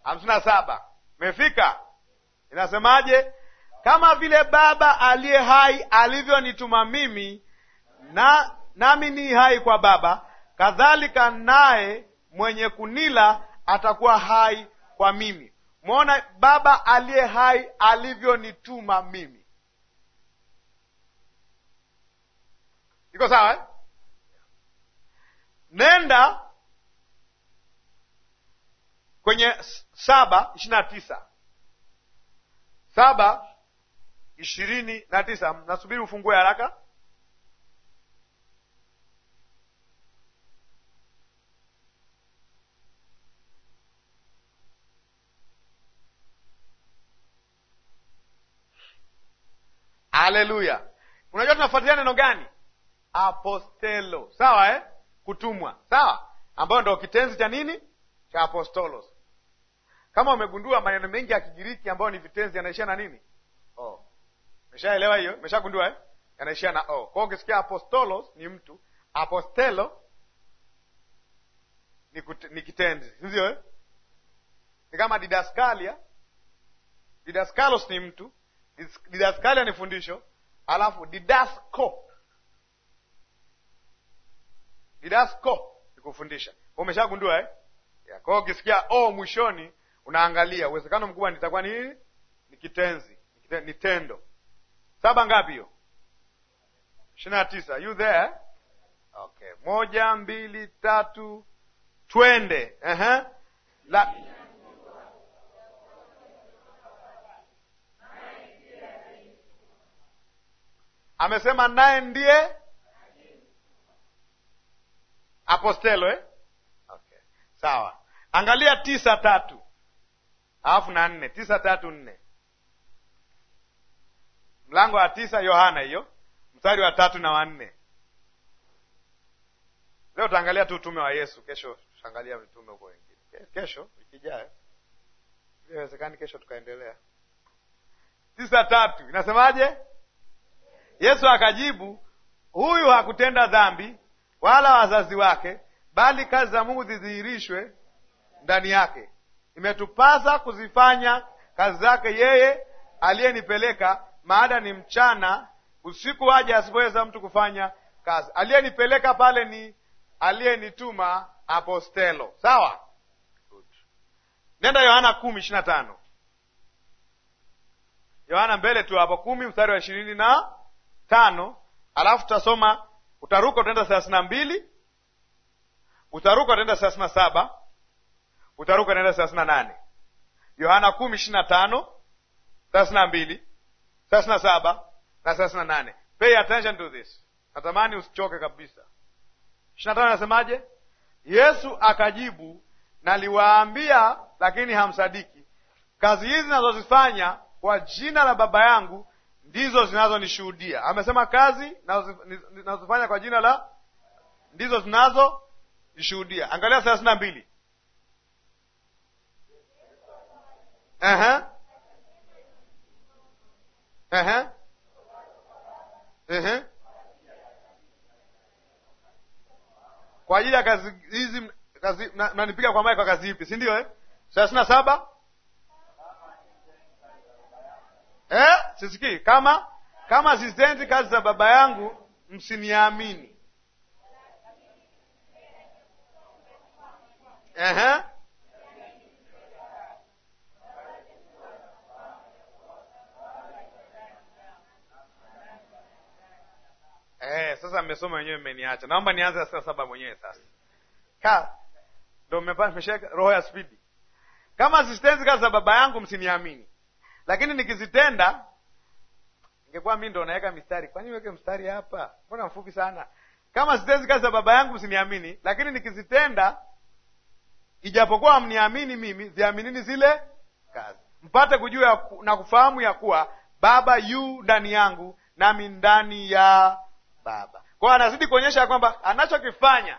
[SPEAKER 1] hamsini na saba. Mefika, inasemaje? kama vile Baba aliye hai alivyonituma mimi na nami ni hai kwa Baba, kadhalika naye mwenye kunila atakuwa hai kwa mimi. Mwona Baba aliye hai alivyonituma mimi, iko sawa eh? Nenda kwenye saba ishirini na tisa saba ishirini na tisa nasubiri ufungue haraka Haleluya! Unajua tunafuatilia neno gani? Apostelo, sawa eh? Kutumwa, sawa, ambayo ndo kitenzi cha nini cha apostolos. Kama umegundua maneno mengi ya Kigiriki ambayo ni vitenzi yanaishia na nini Meshaelewa hiyo, meshagundua eh? Yanaishia na o. Kwa hiyo ukisikia apostolos ni mtu, apostelo ni, ni kitenzi, sindio eh? Ni kama didaskalia. Didaskalos ni mtu, didaskalia ni fundisho, alafu didasko, didasko ni kufundisha. Umeshagundua eh? Kwa hiyo ukisikia o mwishoni, unaangalia uwezekano mkubwa nitakuwa ni ni kitenzi, ni tendo saba ngapi hiyo? ishirini na tisa. You there? Okay, moja mbili tatu, twende. uh-huh. La... amesema naye ndiye apostelo eh? Okay, sawa. Angalia tisa tatu alafu na nne, tisa tatu nne mlango wa tisa Yohana hiyo mstari wa tatu na wanne. Leo utaangalia tu utume wa Yesu, kesho tutaangalia mitume huko wengine, kesho ikijayo iwezekani kesho tukaendelea. tisa tatu inasemaje? Yesu akajibu, huyu hakutenda dhambi wala wazazi wake, bali kazi za Mungu zidhihirishwe ndani yake. Imetupasa kuzifanya kazi zake yeye aliyenipeleka, maada ni mchana, usiku waje asipoweza mtu kufanya kazi. Aliyenipeleka pale ni aliyenituma Apostelo. Sawa, nenda Yohana kumi ishirini na tano Yohana mbele tu hapo kumi mstari wa ishirini na tano alafu tutasoma utaruka utaenda thelathini na mbili utaruka utaenda thelathini na saba utaruka utaenda thelathini na nane Yohana kumi ishirini na tano thelathini na mbili thelathini na saba na thelathini na nane Pay attention to this, natamani usichoke kabisa. ishirini na tano anasemaje? Yesu akajibu, naliwaambia lakini hamsadiki. Kazi hizi zinazozifanya kwa jina la Baba yangu ndizo zinazonishuhudia. Amesema kazi nazozifanya kwa jina la ndizo zinazonishuhudia. Angalia thelathini na mbili. uh -huh. Uh-huh. uh-huh. Kwa ajili ya kazi hizi kazi, mnanipiga kwa mai kwa kazi ipi, si ndio eh? thelathini na saba eh? Sisikii kama kama sizitendi kazi za Baba yangu msiniamini. uh-huh. eh, sasa mmesoma wenyewe, mmeniacha. Naomba nianze thelathini saba mwenyewe sasa. Ka ndo mmepandisha roho ya spidi. Kama sisitenzi kazi za baba yangu, msiniamini, lakini nikizitenda ingekuwa mi ndo naweka mistari. Kwani weke mstari hapa? Mbona mfupi sana? Kama sitenzi kazi za baba yangu, msiniamini, lakini nikizitenda, ijapokuwa mniamini mimi, ziaminini zile kazi, mpate kujua na kufahamu ya kuwa Baba yu ndani yangu, nami ndani ya Baba. Kwa hiyo anazidi kuonyesha kwamba anachokifanya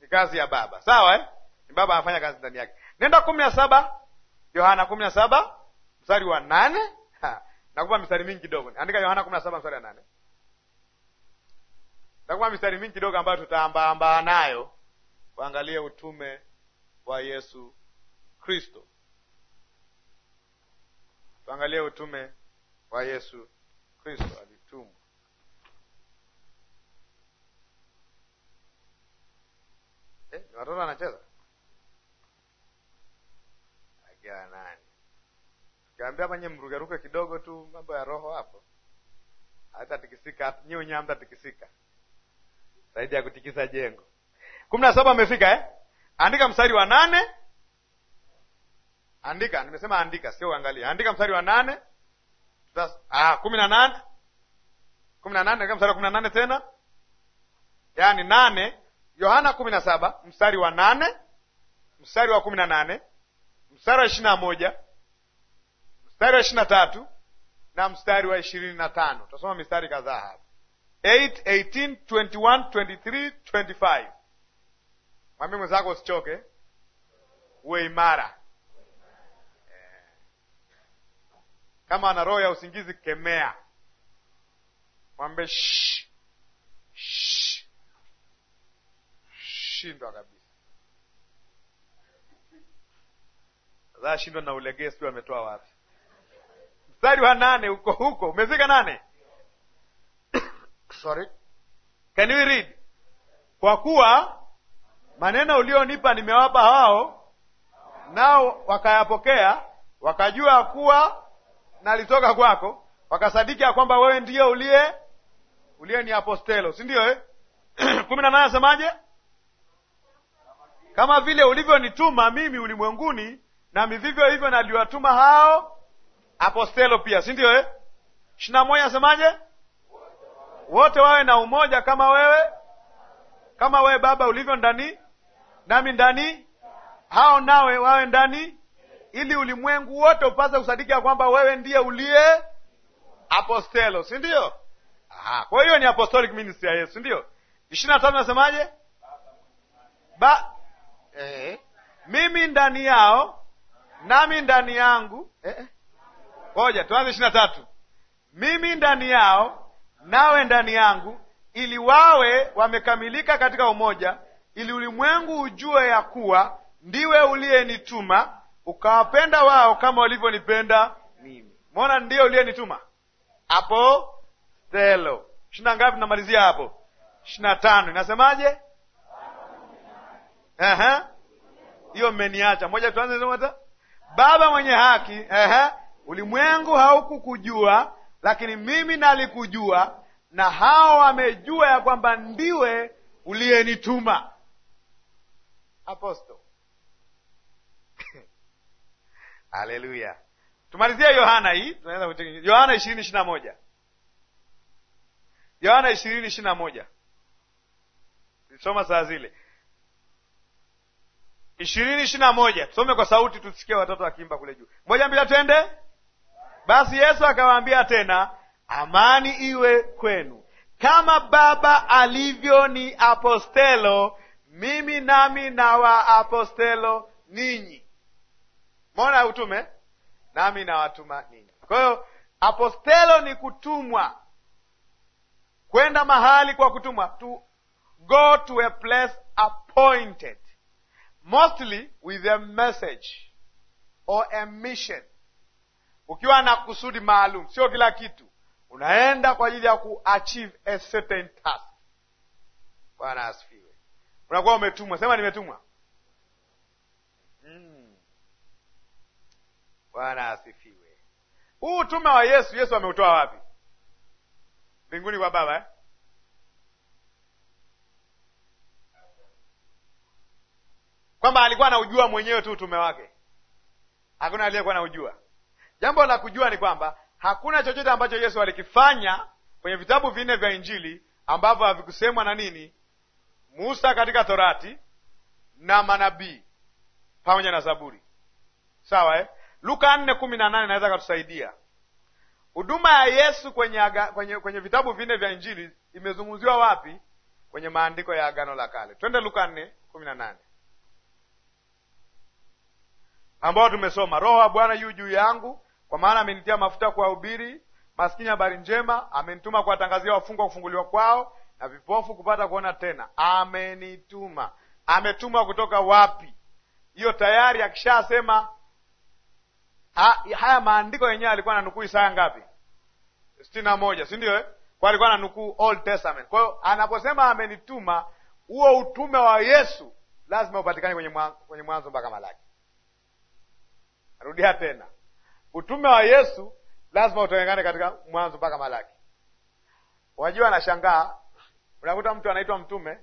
[SPEAKER 1] ni kazi ya Baba, sawa eh? Ni Baba anafanya kazi ndani yake. Nenda kumi na saba Yohana kumi na saba mstari wa nane Nakupa mistari mingi kidogo, andika Yohana kumi na saba mstari wa nane Nakupa mistari mingi kidogo ambayo tutaambaambaa nayo waangalie utume wa Yesu Kristo, tuangalie utume wa Yesu Kristo. eh, watoto anacheza akiwa nani, tukiambia mwenye mrukeruke kidogo tu, mambo ya roho hapo, hatatikisika nyiwe nyewe, hamtatikisika zaidi ya kutikisa jengo. kumi na saba amefika eh? Andika mstari wa nane. Andika, nimesema andika, sio uangalia. Andika mstari wa nane. Ah, kumi na nane, kumi na nane, mstari wa kumi na nane tena, yaani nane Yohana kumi na saba mstari wa nane mstari wa kumi na nane mstari wa ishirini na moja mstari wa ishirini na tatu na mstari wa ishirini na tano Tutasoma mistari kadhaa hapa 8 18 21 23 25. Mwambie mwenzako usichoke, uwe imara eh. Kama ana roho ya usingizi, kemea, mwambie shh, shh kushindwa kabisa. Sasa shindwa na ulegee, sijui ametoa wapi. Mstari wa nane huko huko, umefika nane? Sorry, can we read? Kwa kuwa maneno ulionipa nimewapa hao, nao wakayapokea, wakajua kuwa nalitoka kwako, wakasadiki ya kwamba wewe ndiyo uliye uliye ni apostelo, si ndio eh? kumi na nane asemaje? kama vile ulivyonituma mimi ulimwenguni, nami vivyo hivyo naliwatuma hao apostelo pia, si ndio eh? na moja nasemaje? Wote wawe na umoja kama wewe kama wewe Baba ulivyo ndani nami ndani hao, nawe wawe ndani, ili ulimwengu wote upate kusadiki ya kwamba wewe ndiye uliye apostelo, si ndio? Kwa hiyo ni apostolic ministry ya Yesu, ndio. ishirini na tatu nasemaje? Ba, eh, mimi ndani yao nami ndani yangu eh, eh. ngoja eh, tuanze ishirini na tatu mimi ndani yao nawe ndani yangu ili wawe wamekamilika katika umoja ili ulimwengu ujue ya kuwa ndiwe uliyenituma ukawapenda wao kama walivyonipenda mimi. Mona ndiye uliyenituma apo stelo ishirini na ngapi? namalizia hapo ishirini tano. Inasemaje? hiyo mmeniacha. Moja, tuanze hata baba mwenye haki. Aha. Ulimwengu haukukujua lakini mimi nalikujua, na hao wamejua ya kwamba ndiwe uliyenituma. Aposto. Haleluya. Tumalizia Yohana hii, Yohana ishirini ishirini na moja Yohana ishirini ishirini na moja tulisoma saa zile ishirini ishiri na moja tusome kwa sauti tusikie watoto wakimba kule juu. Moja mbili, twende. Basi Yesu akawaambia tena, amani iwe kwenu. Kama Baba alivyo ni apostelo, mimi nami na waapostelo ninyi. Mona utume nami nawatuma ninyi. Kwa hiyo apostelo ni kutumwa, kwenda mahali kwa kutumwa, to go to a place appointed mostly with a message or a mission. Ukiwa na kusudi maalum, sio kila kitu unaenda kwa ajili ya kuachieve a certain task. Bwana asifiwe. Unakuwa umetumwa, sema nimetumwa. Mm. Bwana asifiwe. Huu utume wa Yesu, Yesu ameutoa wapi? Mbinguni kwa Baba eh? kwamba alikuwa anaujua mwenyewe tu utume wake, hakuna aliyekuwa anaujua. Jambo la kujua ni kwamba hakuna chochote ambacho Yesu alikifanya kwenye vitabu vinne vya Injili ambavyo havikusemwa na nini, Musa katika Torati na manabii pamoja na Zaburi. Sawa eh? Luka nne kumi na nane katusaidia. Huduma ya Yesu kwenye, aga, kwenye, kwenye vitabu vinne vya Injili imezungumziwa wapi? Kwenye maandiko ya Agano la Kale. Twende Luka nne kumi na nane ambao tumesoma, Roho wa Bwana yu juu yangu, kwa maana amenitia mafuta kuwahubiri maskini habari njema, amenituma kuwatangazia wafungwa kufunguliwa kwao na vipofu kupata kuona tena. Amenituma. Ametumwa kutoka wapi? Hiyo tayari akishasema ha, haya maandiko yenyewe alikuwa na nukuu Isaya ngapi? sitini na moja, si ndio eh? Kwa alikuwa na nukuu Old Testament. Kwa hiyo anaposema amenituma, huo utume wa Yesu lazima upatikane kwenye mwanzo mpaka Malaki. Rudia tena, utume wa Yesu lazima utengane katika Mwanzo mpaka Malaki. Wajua, anashangaa unakuta mtu anaitwa mtume,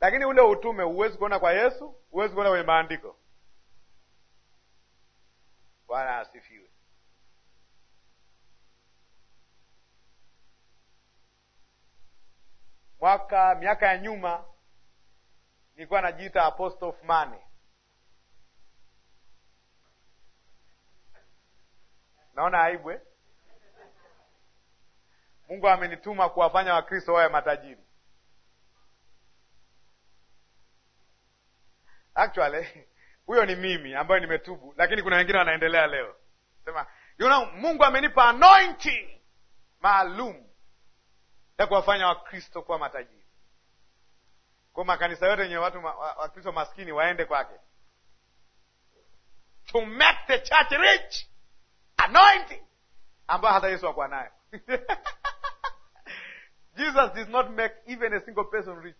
[SPEAKER 1] lakini ule utume huwezi kuona kwa Yesu, huwezi kuona kwenye maandiko. Bwana asifiwe. Mwaka miaka ya nyuma nilikuwa najiita apostle of money Naona aibu eh? Mungu amenituma kuwafanya Wakristo wawe matajiri. Actually huyo ni mimi ambayo nimetubu, lakini kuna wengine wanaendelea leo sema you know, Mungu amenipa anointing maalum ya kuwafanya Wakristo kuwa matajiri. Kwa makanisa yote yenye watu Wakristo maskini waende kwake to make the church rich anointing ambayo hata Yesu akuwa nayo Jesus did not make even a single person rich.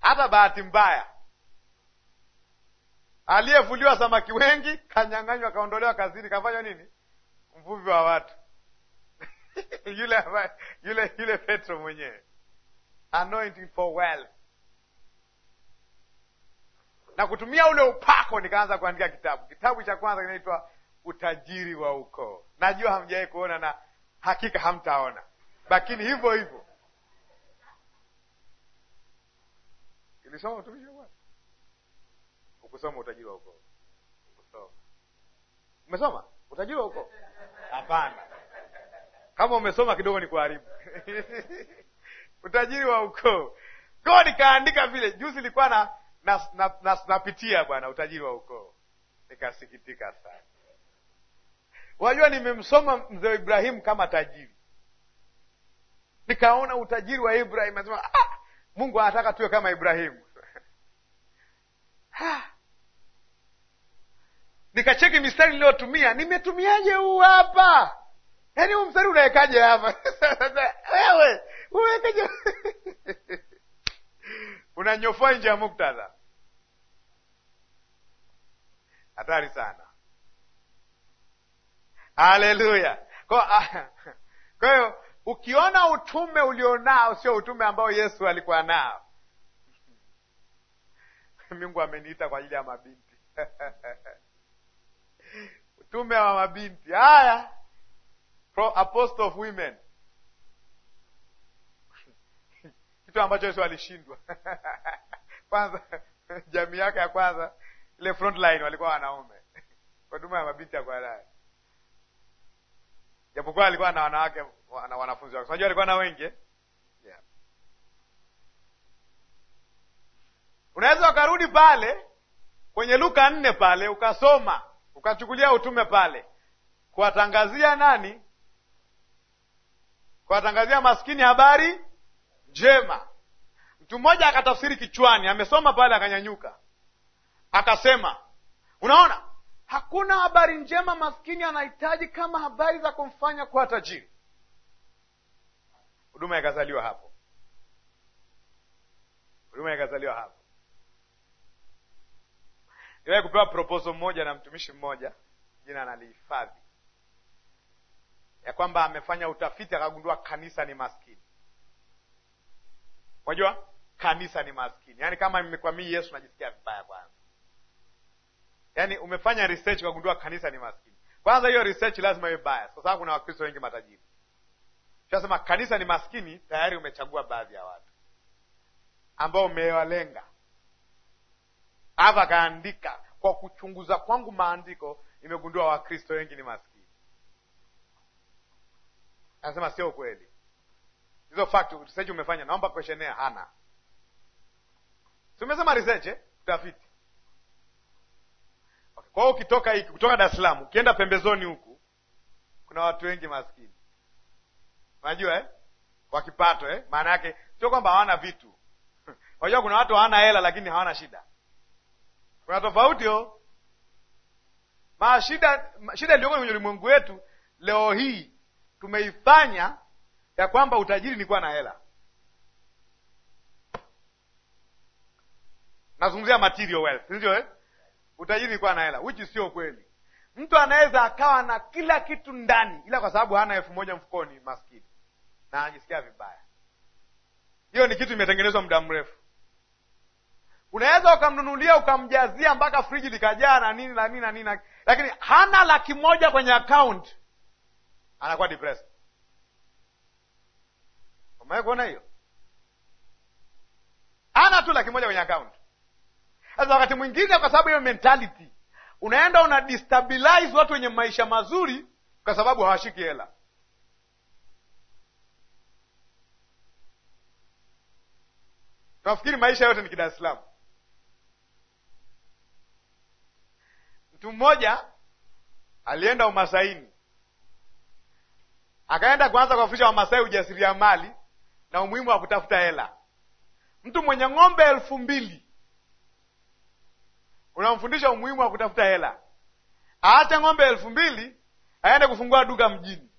[SPEAKER 1] Hata bahati mbaya aliyevuliwa samaki wengi kanyang'anywa, kaondolewa kazini, kafanywa nini? Mvuvi wa watu yule, yule, yule Petro mwenyewe anointing for wealth na kutumia ule upako, nikaanza kuandika kitabu. Kitabu cha kwanza kinaitwa utajiri wa ukoo. Najua hamjawahi kuona na hakika hamtaona, lakini hivyo hivyo ilisoma utumishi wa ukusoma utajiri wa ukoo. Umesoma utajiri wa ukoo? Hapana, kama umesoma kidogo ni kuharibu utajiri wa ukoo ko nikaandika vile juzi, ilikuwa na napitia na, na, na bwana utajiri wa ukoo, nikasikitika sana. Unajua, nimemsoma mzee Ibrahimu kama tajiri, nikaona utajiri wa Ibrahimu. Nasema ah, Mungu anataka tuwe kama Ibrahimu. Nikacheki mistari niliyotumia, nimetumiaje huu hapa? Yaani huu mstari unawekaje hapa? Wewe uwekeje? unanyofoa nje ya muktadha, hatari sana. Haleluya! Ah, kwa hiyo ukiona utume ulionao sio utume ambao Yesu alikuwa nao. Mungu ameniita kwa ajili ya mabinti utume wa mabinti haya, apostle of women kitu ambacho Yesu alishindwa. Kwanza jamii yake ya kwanza ile front line walikuwa wanaume, utume ya mabinti akuwa naye japokuwa alikuwa na wanawake na wanafunzi wake, unajua alikuwa na wengi eh? yeah. Unaweza ukarudi pale kwenye Luka nne pale ukasoma ukachukulia utume pale kuwatangazia nani? Kuwatangazia maskini habari njema. Mtu mmoja akatafsiri kichwani, amesoma pale akanyanyuka akasema, unaona hakuna habari njema maskini anahitaji kama habari za kumfanya kuwa tajiri. Huduma ikazaliwa hapo, huduma ikazaliwa hapo. Iliwahi kupewa proposal mmoja na mtumishi mmoja, jina analihifadhi, ya kwamba amefanya utafiti akagundua kanisa ni maskini. Unajua kanisa ni maskini, yaani kama imekwamii Yesu najisikia vibaya kwanza Yaani umefanya research ukagundua kanisa ni maskini. Kwanza hiyo research lazima iwe bias, kwa sababu kuna Wakristo wengi matajiri. Ushasema kanisa ni maskini, tayari umechagua baadhi ya watu ambao umewalenga. Hapa akaandika, kwa kuchunguza kwangu maandiko nimegundua Wakristo wengi ni maskini. Anasema sio kweli hizo fact research umefanya, naomba questionnaire hana. Si umesema research eh? Utafiti. Kwa hiyo ukitoka hiki kutoka Dar es Salaam ukienda pembezoni huku kuna watu wengi maskini, unajua eh? kwa kipato eh? maana yake sio kwamba hawana vitu unajua kuna watu hawana hela lakini hawana shida. Kuna tofauti yo oh. ma shida, shida iliyoko kwenye ulimwengu wetu leo hii tumeifanya ya kwamba utajiri ni kuwa na hela. Nazungumzia material wealth, eh? utajiri ilikuwa na hela, which sio kweli. Mtu anaweza akawa na kila kitu ndani, ila kwa sababu hana elfu moja mfukoni, maskini na anajisikia vibaya. Hiyo ni kitu imetengenezwa muda mrefu. Unaweza ukamnunulia ukamjazia mpaka friji likajaa na nini na nini na nini, lakini hana laki moja kwenye akaunti, anakuwa depressed. Umewahi kuona hiyo? Hana tu laki moja kwenye account, sasa wakati mwingine, kwa sababu hiyo mentality, unaenda una destabilize watu wenye maisha mazuri kwa sababu hawashiki hela. tunafikiri maisha yote ni Dar Islam. Mtu mmoja alienda umasaini akaenda kuanza kuwafundisha Wamasai ujasiriamali na umuhimu wa kutafuta hela. Mtu mwenye ng'ombe elfu mbili unamfundisha umuhimu wa kutafuta hela. Aache ng'ombe elfu mbili aende kufungua duka mjini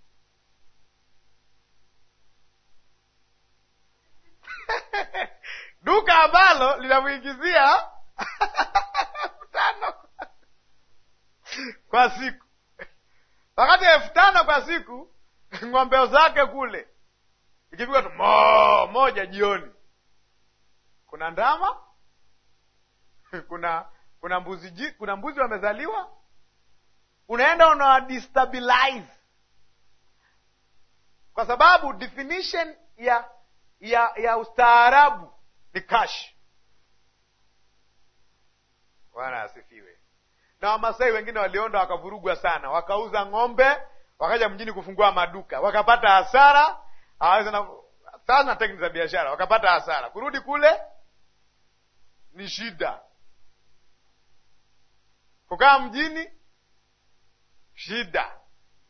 [SPEAKER 1] duka ambalo linamwingizia elfu tano kwa siku. Wakati elfu tano kwa siku ng'ombeo zake kule ikipigwa tu mo moja jioni, kuna ndama, kuna kuna mbuzi, kuna mbuzi wamezaliwa, unaenda unawadestabilize, kwa sababu definition ya ya ya ustaarabu ni cash. Bwana asifiwe. Na Wamasai wengine walionda wakavurugwa sana, wakauza ng'ombe, wakaja mjini kufungua maduka, wakapata hasara na sana tekni za biashara, wakapata hasara, kurudi kule ni shida. Kukaa mjini shida,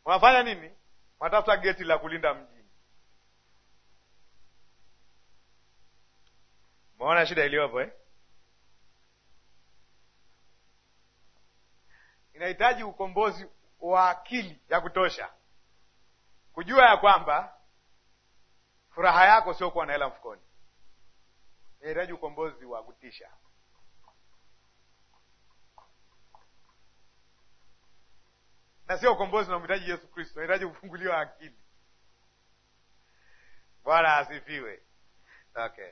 [SPEAKER 1] unafanya nini? Unatafuta geti la kulinda mjini. Umeona shida iliyopo eh? Inahitaji ukombozi wa akili ya kutosha kujua ya kwamba furaha yako sio kuwa na hela mfukoni. Inahitaji ukombozi wa kutisha. na sio ukombozi unamhitaji Yesu Kristo, unahitaji kufunguliwa akili. Bwana asifiwe. Okay,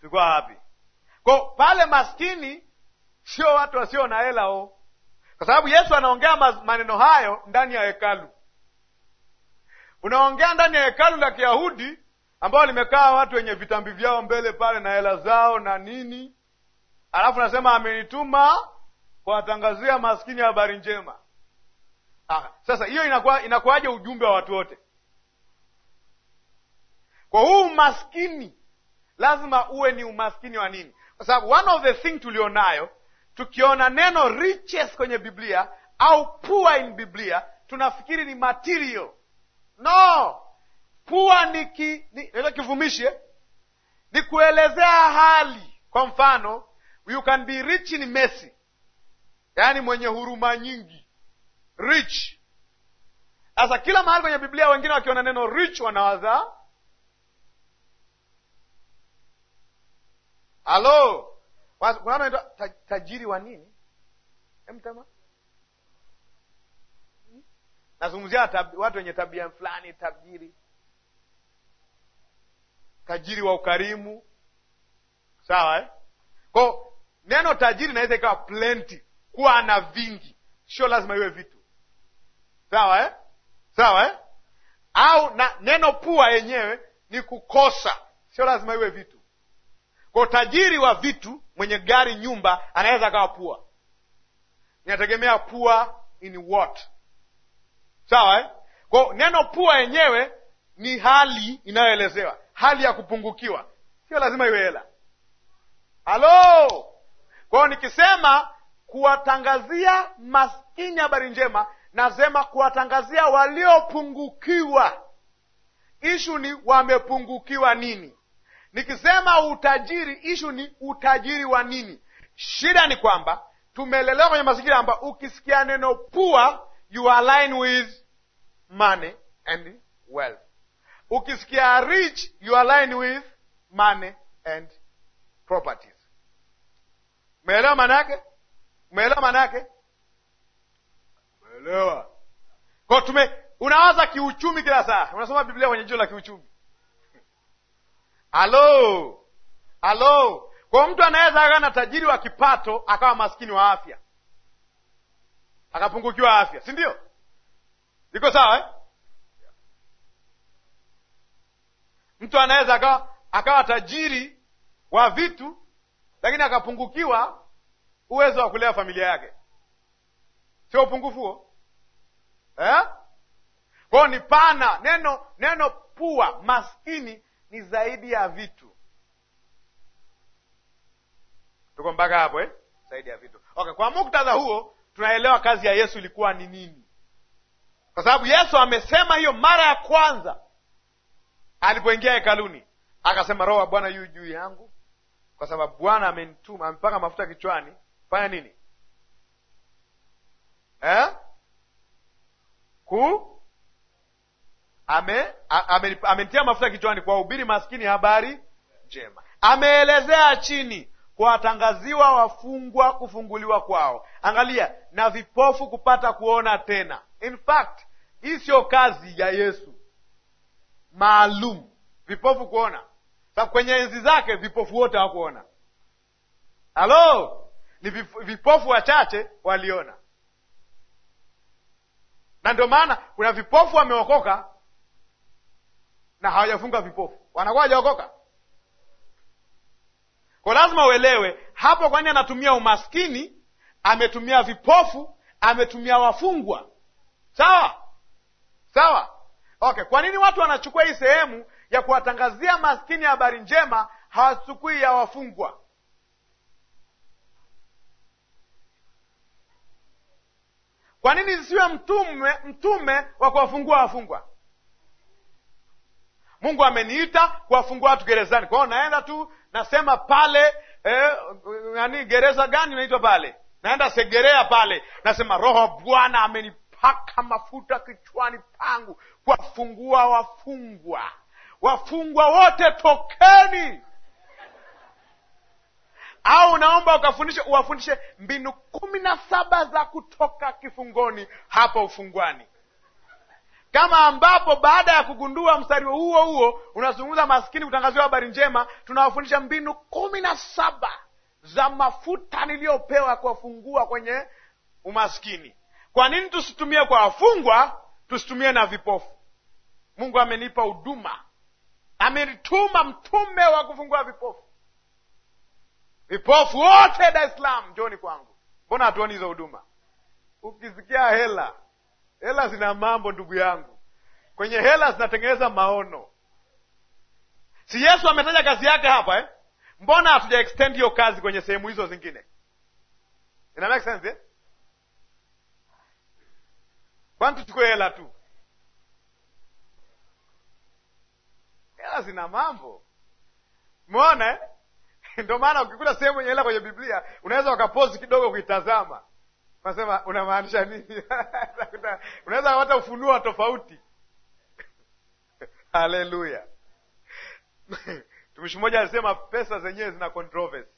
[SPEAKER 1] tulikuwa wapi? Kwa pale maskini sio watu wasio na hela o, kwa sababu Yesu anaongea maneno hayo ndani ya hekalu. Unaongea ndani ya hekalu la Kiyahudi ambao limekaa watu wenye vitambi vyao mbele pale na hela zao na nini, alafu nasema amenituma kuwatangazia maskini habari njema. Ah, sasa hiyo inakuwa inakuwaje ujumbe wa watu wote? Kwa huu umaskini lazima uwe ni umaskini wa nini? Kwa sababu one of the thing tulionayo, tukiona neno riches kwenye Biblia au poor in Biblia tunafikiri ni material. No, poor ni ki, ni, eh? ni kuelezea hali. Kwa mfano, you can be rich in mercy yaani mwenye huruma nyingi, rich. Sasa kila mahali kwenye Biblia wengine wakiona neno rich wanawaza halo, kuna anaitwa tajiri wa nini? Emtama nazungumzia watu wenye tabia fulani, tajiri, tajiri wa ukarimu, sawa eh? Kwa neno tajiri naweza ikawa plenty kuwa na vingi, sio lazima iwe vitu. Sawa eh? Sawa eh? Au na neno pua yenyewe ni kukosa, sio lazima iwe vitu. Kwa utajiri wa vitu, mwenye gari, nyumba, anaweza akawa pua. Inategemea pua in what. Sawa eh? Kwa neno pua yenyewe ni hali inayoelezewa, hali ya kupungukiwa, sio lazima iwe hela. Halo, kwa nikisema kuwatangazia maskini habari njema, nasema kuwatangazia waliopungukiwa. Ishu ni wamepungukiwa nini? Nikisema utajiri, ishu ni utajiri wa nini? Shida ni kwamba tumelelewa kwenye mazingira ambayo ukisikia neno pua, you align with money and wealth, ukisikia rich you align with money and properties. Umeelewa maana yake? Umeelewa maana yake? Umeelewa? Kwa tume unawaza kiuchumi kila saa, unasoma Biblia kwenye jio la kiuchumi. Halo, halo. Kwa mtu anaweza akawa na tajiri wa kipato akawa maskini wa afya, akapungukiwa afya, si ndio? Iko sawa eh? Mtu anaweza akawa akawa tajiri wa vitu lakini akapungukiwa uwezo wa kulea familia yake, sio upungufu huo eh? Kwao ni pana neno, neno pua maskini ni zaidi ya vitu. Tuko mpaka hapo eh? Zaidi ya vitu. Okay, kwa muktadha huo tunaelewa kazi ya Yesu ilikuwa ni nini, kwa sababu Yesu amesema hiyo mara ya kwanza alipoingia hekaluni, akasema Roho wa Bwana yu juu yangu, kwa sababu Bwana amenituma, amepaka mafuta kichwani fanya nini eh? ku ame amenitia ame, ame mafuta kichwani kuwahubiri maskini habari njema. Ameelezea chini kuwatangaziwa wafungwa kufunguliwa kwao, angalia, na vipofu kupata kuona tena. In fact hii siyo kazi ya Yesu maalum, vipofu kuona. Sababu kwenye enzi zake vipofu wote hawakuona. Halo, ni vipofu wachache waliona, na ndio maana kuna vipofu wameokoka na hawajafunga vipofu, wanakuwa hawajaokoka. Kwa lazima uelewe hapo, kwani anatumia umaskini, ametumia vipofu, ametumia wafungwa. Sawa sawa, okay. Kwa nini watu wanachukua hii sehemu ya kuwatangazia maskini habari njema, hawachukui ya wafungwa? Kwa nini zisiwe mtume, mtume wa kuwafungua wafungwa? Mungu ameniita kuwafungua watu gerezani, kwao naenda tu nasema pale eh, gereza gani unaitwa pale, naenda Segerea pale nasema Roho Bwana amenipaka mafuta kichwani pangu kuwafungua wafungwa. Wafungwa wote tokeni au naomba ukafundishe uwafundishe mbinu kumi na saba za kutoka kifungoni hapa ufungwani kama ambapo baada ya kugundua mstari huo huo unazungumza maskini kutangaziwa habari njema, tunawafundisha mbinu kumi na saba za mafuta niliyopewa kuwafungua kwenye umaskini. Kwa nini tusitumie kwa wafungwa? Tusitumie na vipofu. Mungu amenipa huduma, amenituma mtume wa kufungua vipofu. Vipofu wote Dar es Salaam njoni kwangu. Mbona hatuoni hizo huduma? Ukisikia hela, hela zina mambo, ndugu yangu, kwenye hela zinatengeneza maono. Si Yesu ametaja kazi yake hapa eh? Mbona hatuja extend hiyo kazi kwenye sehemu hizo zingine? Ina make sense eh? Kwani tuchukue hela tu? Hela zina mambo, mona eh? Ndio maana ukikuta sehemu yenye hela kwenye Biblia unaweza ukapozi kidogo kuitazama, unasema unamaanisha nini? unaweza hata ufunua tofauti. Haleluya! Mtumishi mmoja alisema pesa zenyewe zina controversy.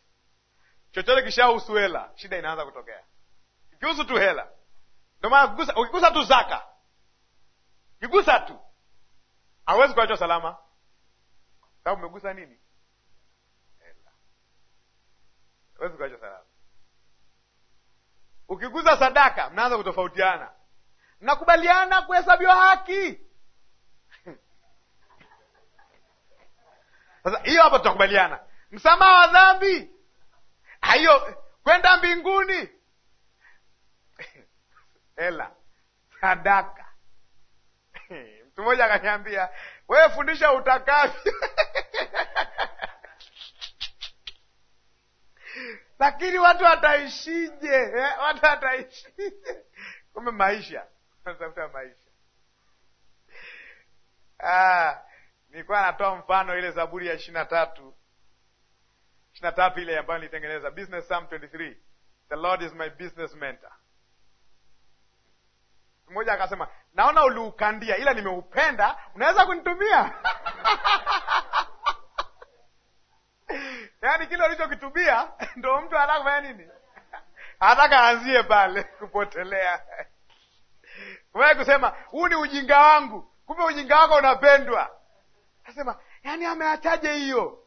[SPEAKER 1] Chochote kishahusu hela, shida inaanza kutokea, ikihusu tu hela. Ndio maana ukigusa tu zaka, kigusa tu hawezi kuachwa salama, sababu umegusa nini? Huwezi kuacha sadaka. Ukiguza sadaka, mnaanza kutofautiana, mnakubaliana kuhesabiwa haki. Sasa hiyo hapo tutakubaliana, msamaha wa dhambi, ah, hiyo kwenda mbinguni, hela sadaka. Mtu mmoja akaniambia, wewe fundisha utakavyo lakini watu wataishije eh? watu wataishije kumbe maisha tafuta maisha ah, nilikuwa natoa mfano ile zaburi ya ishirini na tatu ishirini na tatu ile ambayo nilitengeneza business Psalm 23 the Lord is my business mentor mmoja akasema naona uliukandia ila nimeupenda unaweza kunitumia yaani kile ulichokitubia ndo mtu anataka kufanya nini? Anataka aanzie pale kupotelea wewe kusema huu ni ujinga wangu, kumbe ujinga wako unapendwa. asema yaani ameachaje hiyo?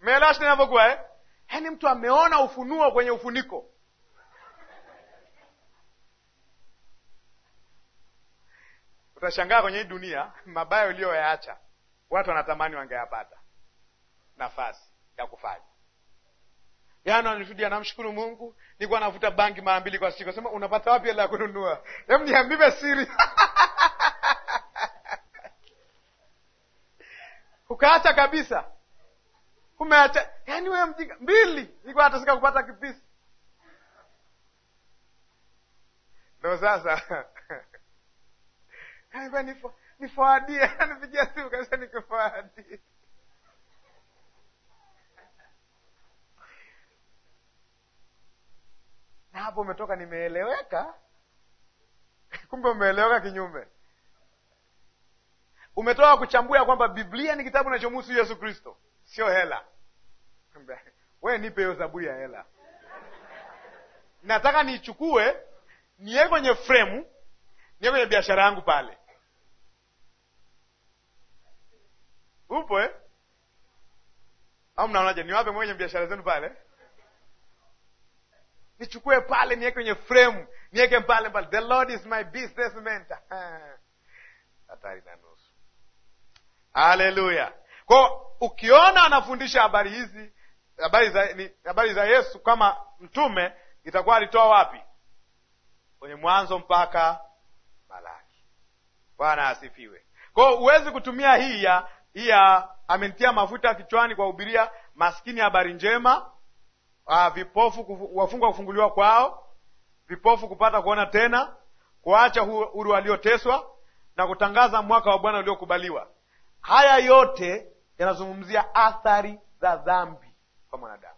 [SPEAKER 1] Meelewa shida inavyokuwa eh? Yaani mtu ameona ufunuo kwenye ufuniko Utashangaa kwenye hii dunia mabaya uliyoyaacha watu wanatamani wangeyapata nafasi ya kufanya. Jana yaani nilishuhudia, namshukuru Mungu, nilikuwa navuta bangi mara mbili kwa siku. Sema unapata wapi hela ya kununua? Hebu niambiwe siri ukaacha kabisa, umeacha. Yani wewe mjinga, mbili nilikuwa natasika kupata kipisi. Ndo sasa yaani nifaadie, nipigia simu kabisa, nikufaadie na hapo umetoka, nimeeleweka. Kumbe umeeleweka kinyume. Umetoka kuchambua kwamba Biblia ni kitabu kinachomhusu Yesu Kristo, sio hela. We nipe hiyo zaburi ya hela, nataka niichukue niye kwenye fremu, niye kwenye biashara yangu pale. Upo eh? Au mnaonaje? Niwape mwenye biashara zenu pale nichukue pale niweke kwenye fremu niweke pale the Lord is my business mentor. hatari na nusu. Haleluya! Kwao ukiona anafundisha habari hizi habari za, ni, habari za Yesu kama mtume itakuwa alitoa wapi? Kwenye Mwanzo mpaka Malaki. Bwana asifiwe. Kwao huwezi kutumia hii ya hii ya mafuta kichwani kwa ubiria maskini habari njema ah, vipofu wafungwa kufunguliwa kwao, vipofu kupata kuona tena, kuacha huru walioteswa na kutangaza mwaka wa Bwana uliokubaliwa. Haya yote yanazungumzia athari za dhambi kwa mwanadamu,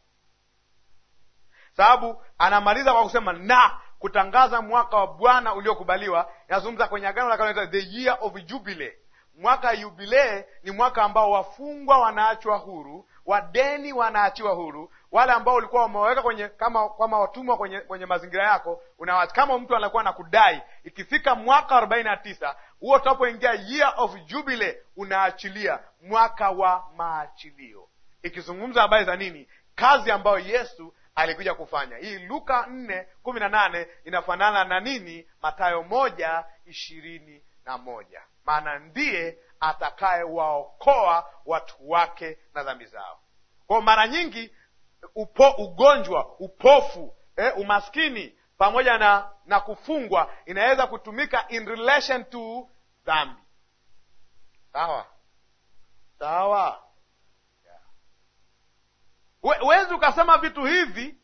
[SPEAKER 1] sababu anamaliza kwa kusema na kutangaza mwaka wa Bwana uliokubaliwa. Inazungumza kwenye agano la kale, the year of jubilee. Mwaka yubilee ni mwaka ambao wafungwa wanaachwa huru wadeni wanaachiwa huru, wale ambao ulikuwa wameweka kwenye kama kama watumwa kwenye, kwenye mazingira yako unawacha. Kama mtu anakuwa nakudai, ikifika mwaka arobaini na tisa huo utapoingia year of jubile, unaachilia mwaka wa maachilio, ikizungumza habari za nini? Kazi ambayo Yesu alikuja kufanya. Hii Luka nne kumi na nane inafanana na nini? Mathayo moja ishirini na moja maana ndiye atakayewaokoa watu wake na dhambi zao. kwao mara nyingi upo, ugonjwa, upofu, eh, umaskini pamoja na na kufungwa inaweza kutumika in relation to dhambi. Sawa sawa, yeah. Huwezi ukasema vitu hivi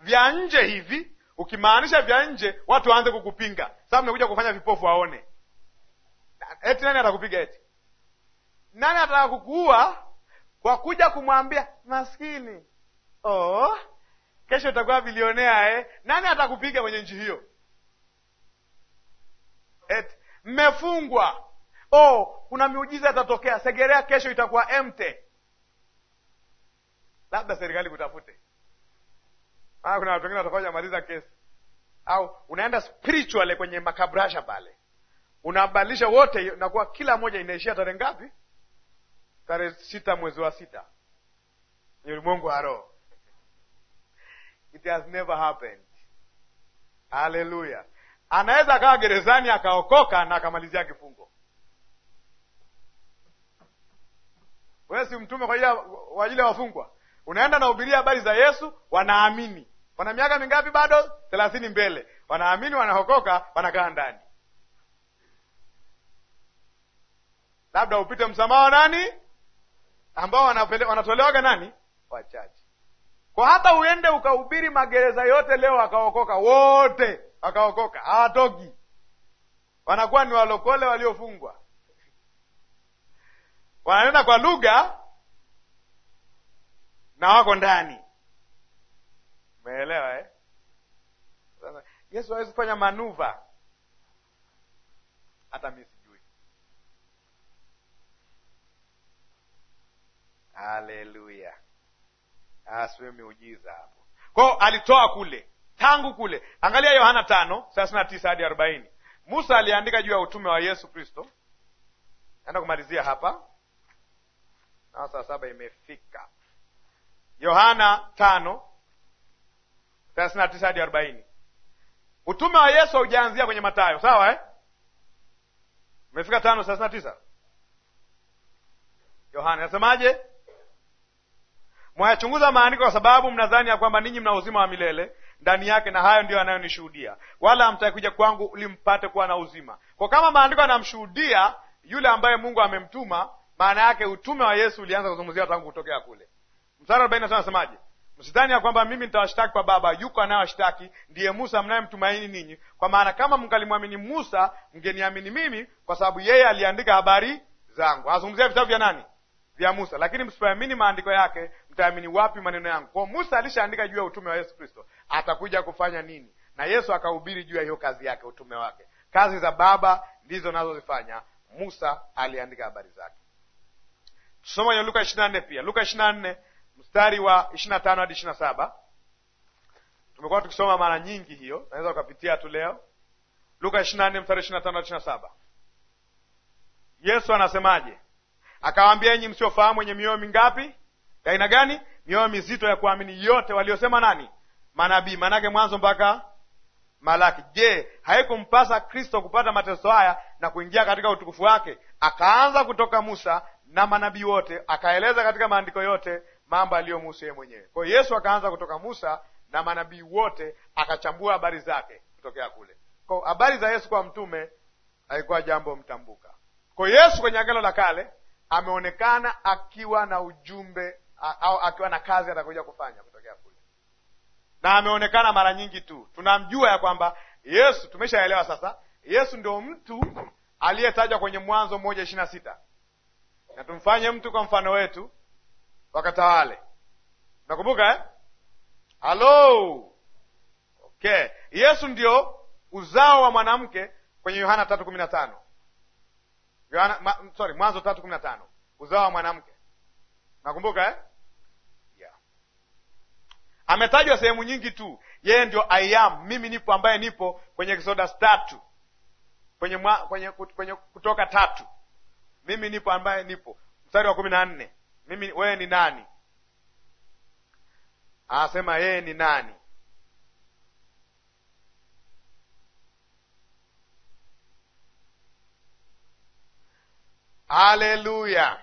[SPEAKER 1] vya nje hivi, ukimaanisha vya nje watu waanze kukupinga, sababu nakuja kufanya vipofu waone, eti nani atakupiga eti nani anataka kukuua kwa kuja kumwambia maskini, oh, kesho utakuwa bilionea eh? Nani atakupiga kwenye nchi hiyo? mmefungwa, oh, kuna miujiza itatokea, Segerea kesho itakuwa mte labda serikali kutafute. Ah, kuna watu wengine jamaliza kesi, au unaenda spiritual kwenye makabrasha pale, unabadilisha wote, nakuwa kila moja inaishia tarehe ngapi? tarehe sita mwezi wa sita ni ulimwengu wa roho. It has never happened. Haleluya! Anaweza akawa gerezani akaokoka na akamalizia kifungo. Wewe si mtume kwa ajili ya wafungwa, unaenda nahubiria habari za Yesu, wanaamini. Wana miaka mingapi? Bado thelathini mbele, wanaamini, wanaokoka, wanakaa ndani, labda upite msamaha nani ambao wanatolewaga nani? Wachache. Kwa hata uende ukahubiri magereza yote leo akaokoka wote, akaokoka hawatoki, wanakuwa ni walokole waliofungwa, wananena kwa lugha na wako ndani. Umeelewa eh? Yesu hawezi kufanya manuva hata misi Haleluya, asiwe ah, miujiza hapo. Kwao alitoa kule tangu kule. Angalia Yohana tano thelathini na tisa hadi arobaini. Musa aliandika juu ya utume wa Yesu Kristo. Naenda kumalizia hapa nao saa saba imefika. Yohana tano thelathini na tisa hadi arobaini. Utume wa Yesu haujaanzia kwenye matayo sawa eh? Umefika tano thelathini na tisa. Yohana nasemaje Mwayachunguza maandiko kwa sababu mnadhani ya kwamba ninyi mna uzima wa milele ndani yake, na hayo ndiyo anayonishuhudia, wala mtakuja kwangu ili mpate kuwa na uzima. Kwa kama maandiko yanamshuhudia yule ambaye Mungu amemtuma, maana yake utume wa Yesu ulianza kuzungumziwa tangu kutokea kule. Mstari arobaini Msidhani ya kwamba mimi nitawashtaki kwa Baba, yuko anayewashtaki ndiye Musa mnayemtumaini ninyi. Kwa maana kama mngalimwamini Musa, mngeniamini mimi, kwa sababu yeye aliandika habari zangu. Anazungumzia vitabu vya nani? Vya Musa. Lakini msipoamini maandiko yake, mtaamini wapi maneno yangu? Kwa Musa alishaandika juu ya utume wa Yesu Kristo atakuja kufanya nini, na Yesu akahubiri juu ya hiyo kazi yake, utume wake. Kazi za Baba ndizo nazozifanya, Musa aliandika habari zake. Tusoma hiyo Luka ishirini na nne pia, Luka ishirini na nne mstari wa ishirini na tano hadi ishirini na saba Tumekuwa tukisoma mara nyingi hiyo, naweza ukapitia tu leo. Luka ishirini na nne mstari ishirini na tano hadi ishirini na saba Yesu anasemaje? Akawaambia, enyi msiofahamu wenye mioyo mingapi ya aina gani? Mioyo mizito ya kuamini yote waliosema nani? Manabii, maanake mwanzo mpaka Malaki. Je, haikumpasa Kristo kupata mateso haya na kuingia katika utukufu wake? Akaanza kutoka Musa na manabii wote, akaeleza katika maandiko yote mambo aliyomuhusu yeye mwenyewe. Kwa Yesu akaanza kutoka Musa na manabii wote, akachambua habari zake kutokea kule. ko habari za Yesu kwa mtume haikuwa jambo mtambuka. Kwa Yesu kwenye Agano la Kale ameonekana akiwa na ujumbe au akiwa na kazi atakuja kufanya kutokea kule, na ameonekana mara nyingi tu. Tunamjua ya kwamba Yesu, tumeshaelewa sasa, Yesu ndio mtu aliyetajwa kwenye Mwanzo moja ishirini na sita na tumfanye mtu kwa mfano wetu wakatawale. Nakumbuka eh? Halo, okay. Yesu ndio uzao wa mwanamke kwenye Yohana tatu kumi na tano Yohana, ma, sorry Mwanzo tatu kumi na tano uzao wa mwanamke nakumbuka eh? ametajwa sehemu nyingi tu, yeye ndio I am, mimi nipo ambaye nipo kwenye Exodus tatu kwenye, mwa, kwenye, kwenye Kutoka tatu mimi nipo ambaye nipo, mstari wa kumi na nne mimi wewe ni nani? Anasema yeye ni nani? Haleluya!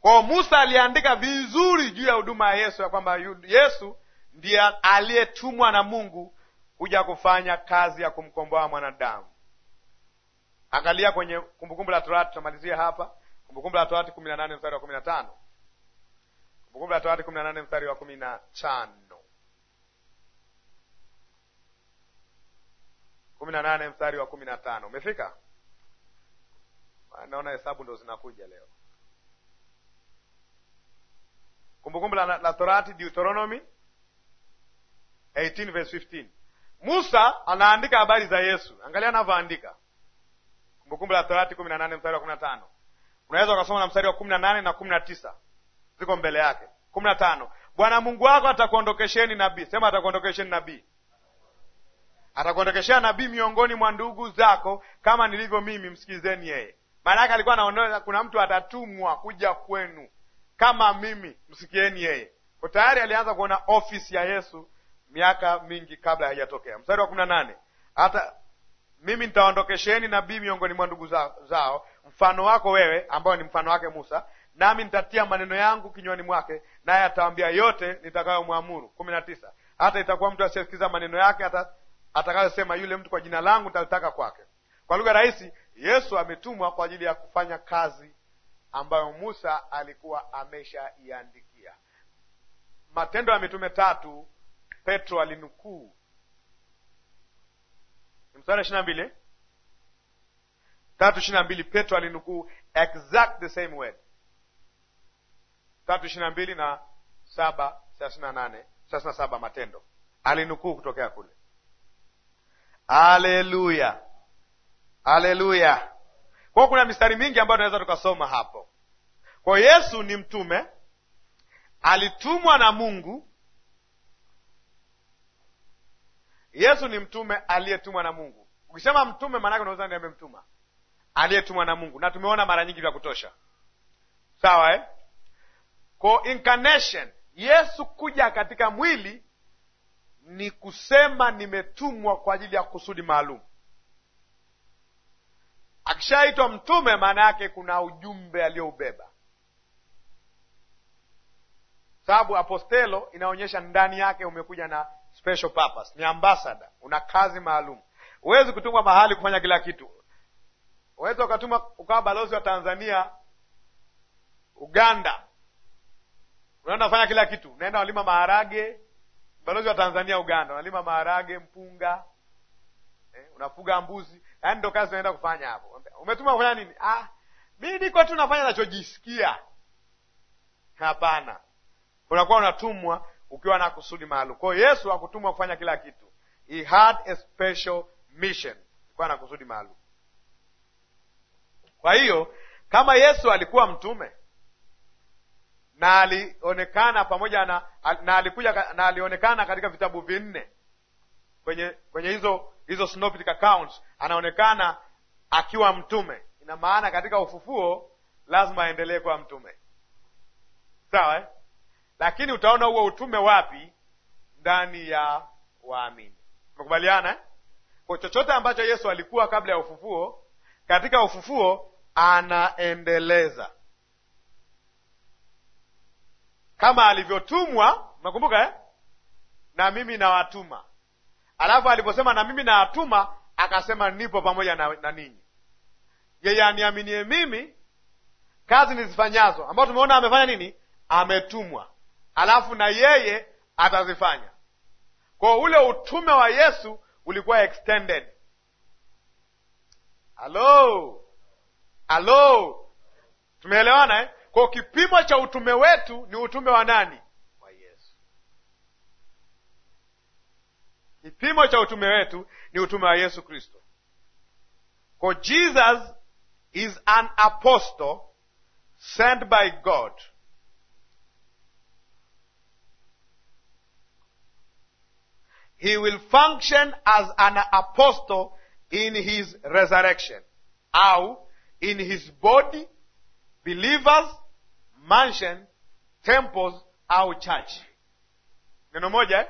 [SPEAKER 1] Kwao Musa aliandika vizuri juu ya huduma ya Yesu ya kwamba Yesu ndiye aliyetumwa na Mungu kuja kufanya kazi ya kumkomboa mwanadamu. Angalia kwenye Kumbukumbu la Torati, tutamalizia hapa. Kumbukumbu la Torati kumi na nane mstari wa kumi na tano Kumbukumbu la Torati kumi na nane mstari wa kumi na tano kumi na nane mstari wa kumi na tano Umefika? Naona hesabu ndo zinakuja leo. Kumbukumbu la, la Torati, Deuteronomy 18 verse 15. Musa anaandika habari za Yesu, angalia anavyoandika. Kumbukumbu la Torati 18 mstari wa 15. Unaweza ukasoma na mstari wa 18 na 19 ziko mbele yake. 15, Bwana Mungu wako atakuondokesheni nabii. Sema atakuondokesheni nabii atakuondokeshea nabii miongoni mwa ndugu zako kama nilivyo mimi, msikilizeni yeye. Maana yake alikuwa anaona kuna mtu atatumwa kuja kwenu kama mimi, msikieni yeye. Kwa tayari alianza kuona ofisi ya Yesu miaka mingi kabla haijatokea. Mstari wa kumi na nane hata mimi nitaondokesheni nabii miongoni mwa ndugu zao mfano wako wewe, ambayo ni mfano wake Musa, nami nitatia maneno yangu kinywani mwake, naye atawambia yote nitakayomwamuru. kumi na tisa hata itakuwa mtu asiyesikiza maneno yake atakayosema yule mtu kwa jina langu nitalitaka kwake. Kwa lugha rahisi, Yesu ametumwa kwa ajili ya kufanya kazi ambayo Musa alikuwa ameshaiandikia. Matendo ya Mitume tatu Petro alinukuu msara ishiri na mbili tatu ishiri na mbili Petro alinukuu exact the same word tatu ishiri na mbili na saba thelathini na nane thelathini na saba Matendo alinukuu kutokea kule. Aleluya, aleluya. Kwao kuna mistari mingi ambayo tunaweza tukasoma hapo. kwao Yesu ni mtume, alitumwa na Mungu Yesu ni mtume aliyetumwa na Mungu. Ukisema mtume, maanake unaweza ndiye amemtuma, aliyetumwa na Mungu, na tumeona mara nyingi vya kutosha, sawa eh? ko incarnation, Yesu kuja katika mwili ni kusema nimetumwa kwa ajili ya kusudi maalum. Akishaitwa mtume, maana yake kuna ujumbe aliyoubeba, sababu apostelo inaonyesha ndani yake umekuja na special purpose, ni ambassador, una kazi maalum. Huwezi kutumwa mahali kufanya kila kitu. Unaweza ukatuma ukawa balozi wa Tanzania Uganda, unaenda kufanya kila kitu, unaenda walima maharage. Balozi wa Tanzania Uganda unalima maharage, mpunga eh, unafuga mbuzi, yaani ndo kazi unaenda kufanya hapo. Umetuma kufanya nini? Ah, mi niko tu nafanya nachojisikia. Hapana, unakuwa unatumwa ukiwa na kusudi maalum. Kwa hiyo Yesu hakutumwa kufanya kila kitu, he had a special mission, alikuwa na kusudi maalum. Kwa hiyo kama Yesu alikuwa mtume na alionekana pamoja na, na alikuja na alionekana katika vitabu vinne kwenye kwenye hizo hizo synoptic accounts anaonekana akiwa mtume. Ina maana katika ufufuo lazima aendelee kuwa mtume, sawa eh? lakini utaona huo utume wapi? Ndani ya waamini. Tumekubaliana eh? Kwa chochote ambacho Yesu alikuwa kabla ya ufufuo, katika ufufuo anaendeleza kama alivyotumwa. nakumbuka eh? na mimi nawatuma. Alafu aliposema na mimi nawatuma, akasema nipo pamoja na, na ninyi. Yeye aniaminie mimi, kazi nizifanyazo, ambao tumeona amefanya nini, ametumwa alafu na yeye atazifanya. Kwa ule utume wa Yesu ulikuwa extended. Halo, halo, tumeelewana eh? Kwa kipimo cha utume wetu ni utume wa nani? Wa Yesu. Kipimo cha utume wetu ni utume wa Yesu Kristo. Kwa Jesus is an apostle sent by God he will function as an apostle in his resurrection How? in his body believers mansion temples au church neno moja eh?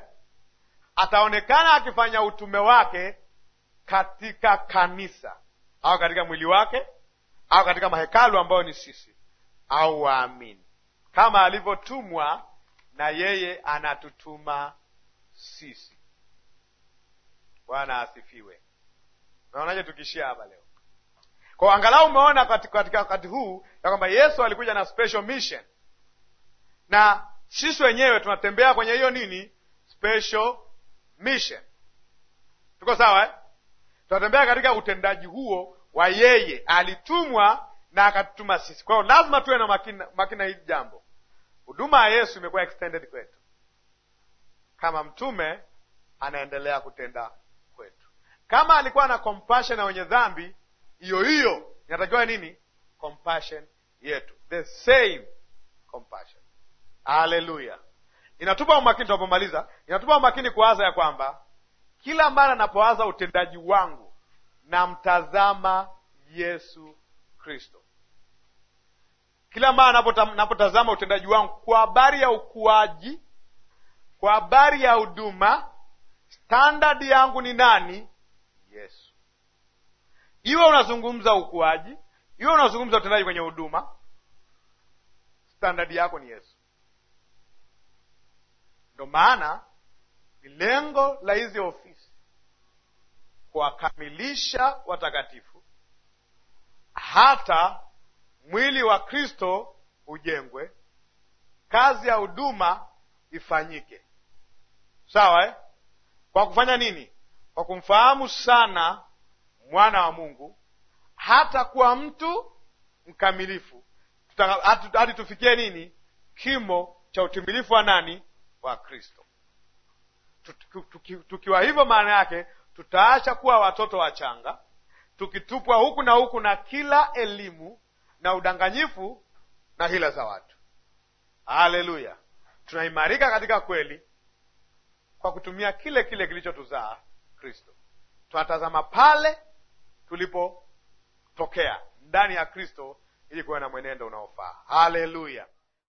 [SPEAKER 1] ataonekana akifanya utume wake katika kanisa au katika mwili wake au katika mahekalu ambayo ni sisi au waamini kama alivyotumwa na yeye anatutuma sisi Bwana asifiwe. Naonaje tukishia hapa leo? Kwa angalau umeona katika wakati huu ya kwamba Yesu alikuja na special mission, na sisi wenyewe tunatembea kwenye hiyo nini, special mission. Tuko sawa eh? Tunatembea katika utendaji huo wa yeye alitumwa na akatutuma sisi. Kwa hiyo lazima tuwe na makina, makina hili jambo. Huduma ya Yesu imekuwa extended kwetu kama mtume, anaendelea kutenda kama alikuwa na compassion na wenye dhambi, hiyo hiyo inatakiwa nini? Compassion yetu, the same compassion. Haleluya! Inatupa umakini, tunapomaliza, inatupa umakini kuwaza ya kwamba kila mara napowaza utendaji wangu namtazama Yesu Kristo. Kila mara napotazama utendaji wangu kwa habari ya ukuaji, kwa habari ya huduma, standadi yangu ni nani? Yesu. Iwe unazungumza ukuaji, iwe unazungumza utendaji kwenye huduma, standadi yako ni Yesu. Ndo maana ni lengo la hizi ofisi kuwakamilisha watakatifu hata mwili wa Kristo ujengwe, kazi ya huduma ifanyike. Sawa eh? Kwa kufanya nini? kwa kumfahamu sana mwana wa Mungu hata kuwa mtu mkamilifu hadi tufikie nini? Kimo cha utimilifu wa nani? Wa Kristo. Tukiwa hivyo, maana yake tutaacha kuwa watoto wachanga, tukitupwa huku na huku na kila elimu na udanganyifu na hila za watu. Haleluya! Tunaimarika katika kweli kwa kutumia kile kile kilichotuzaa Kristo. Tunatazama pale tulipotokea ndani ya Kristo ili kuwa na mwenendo unaofaa. Haleluya!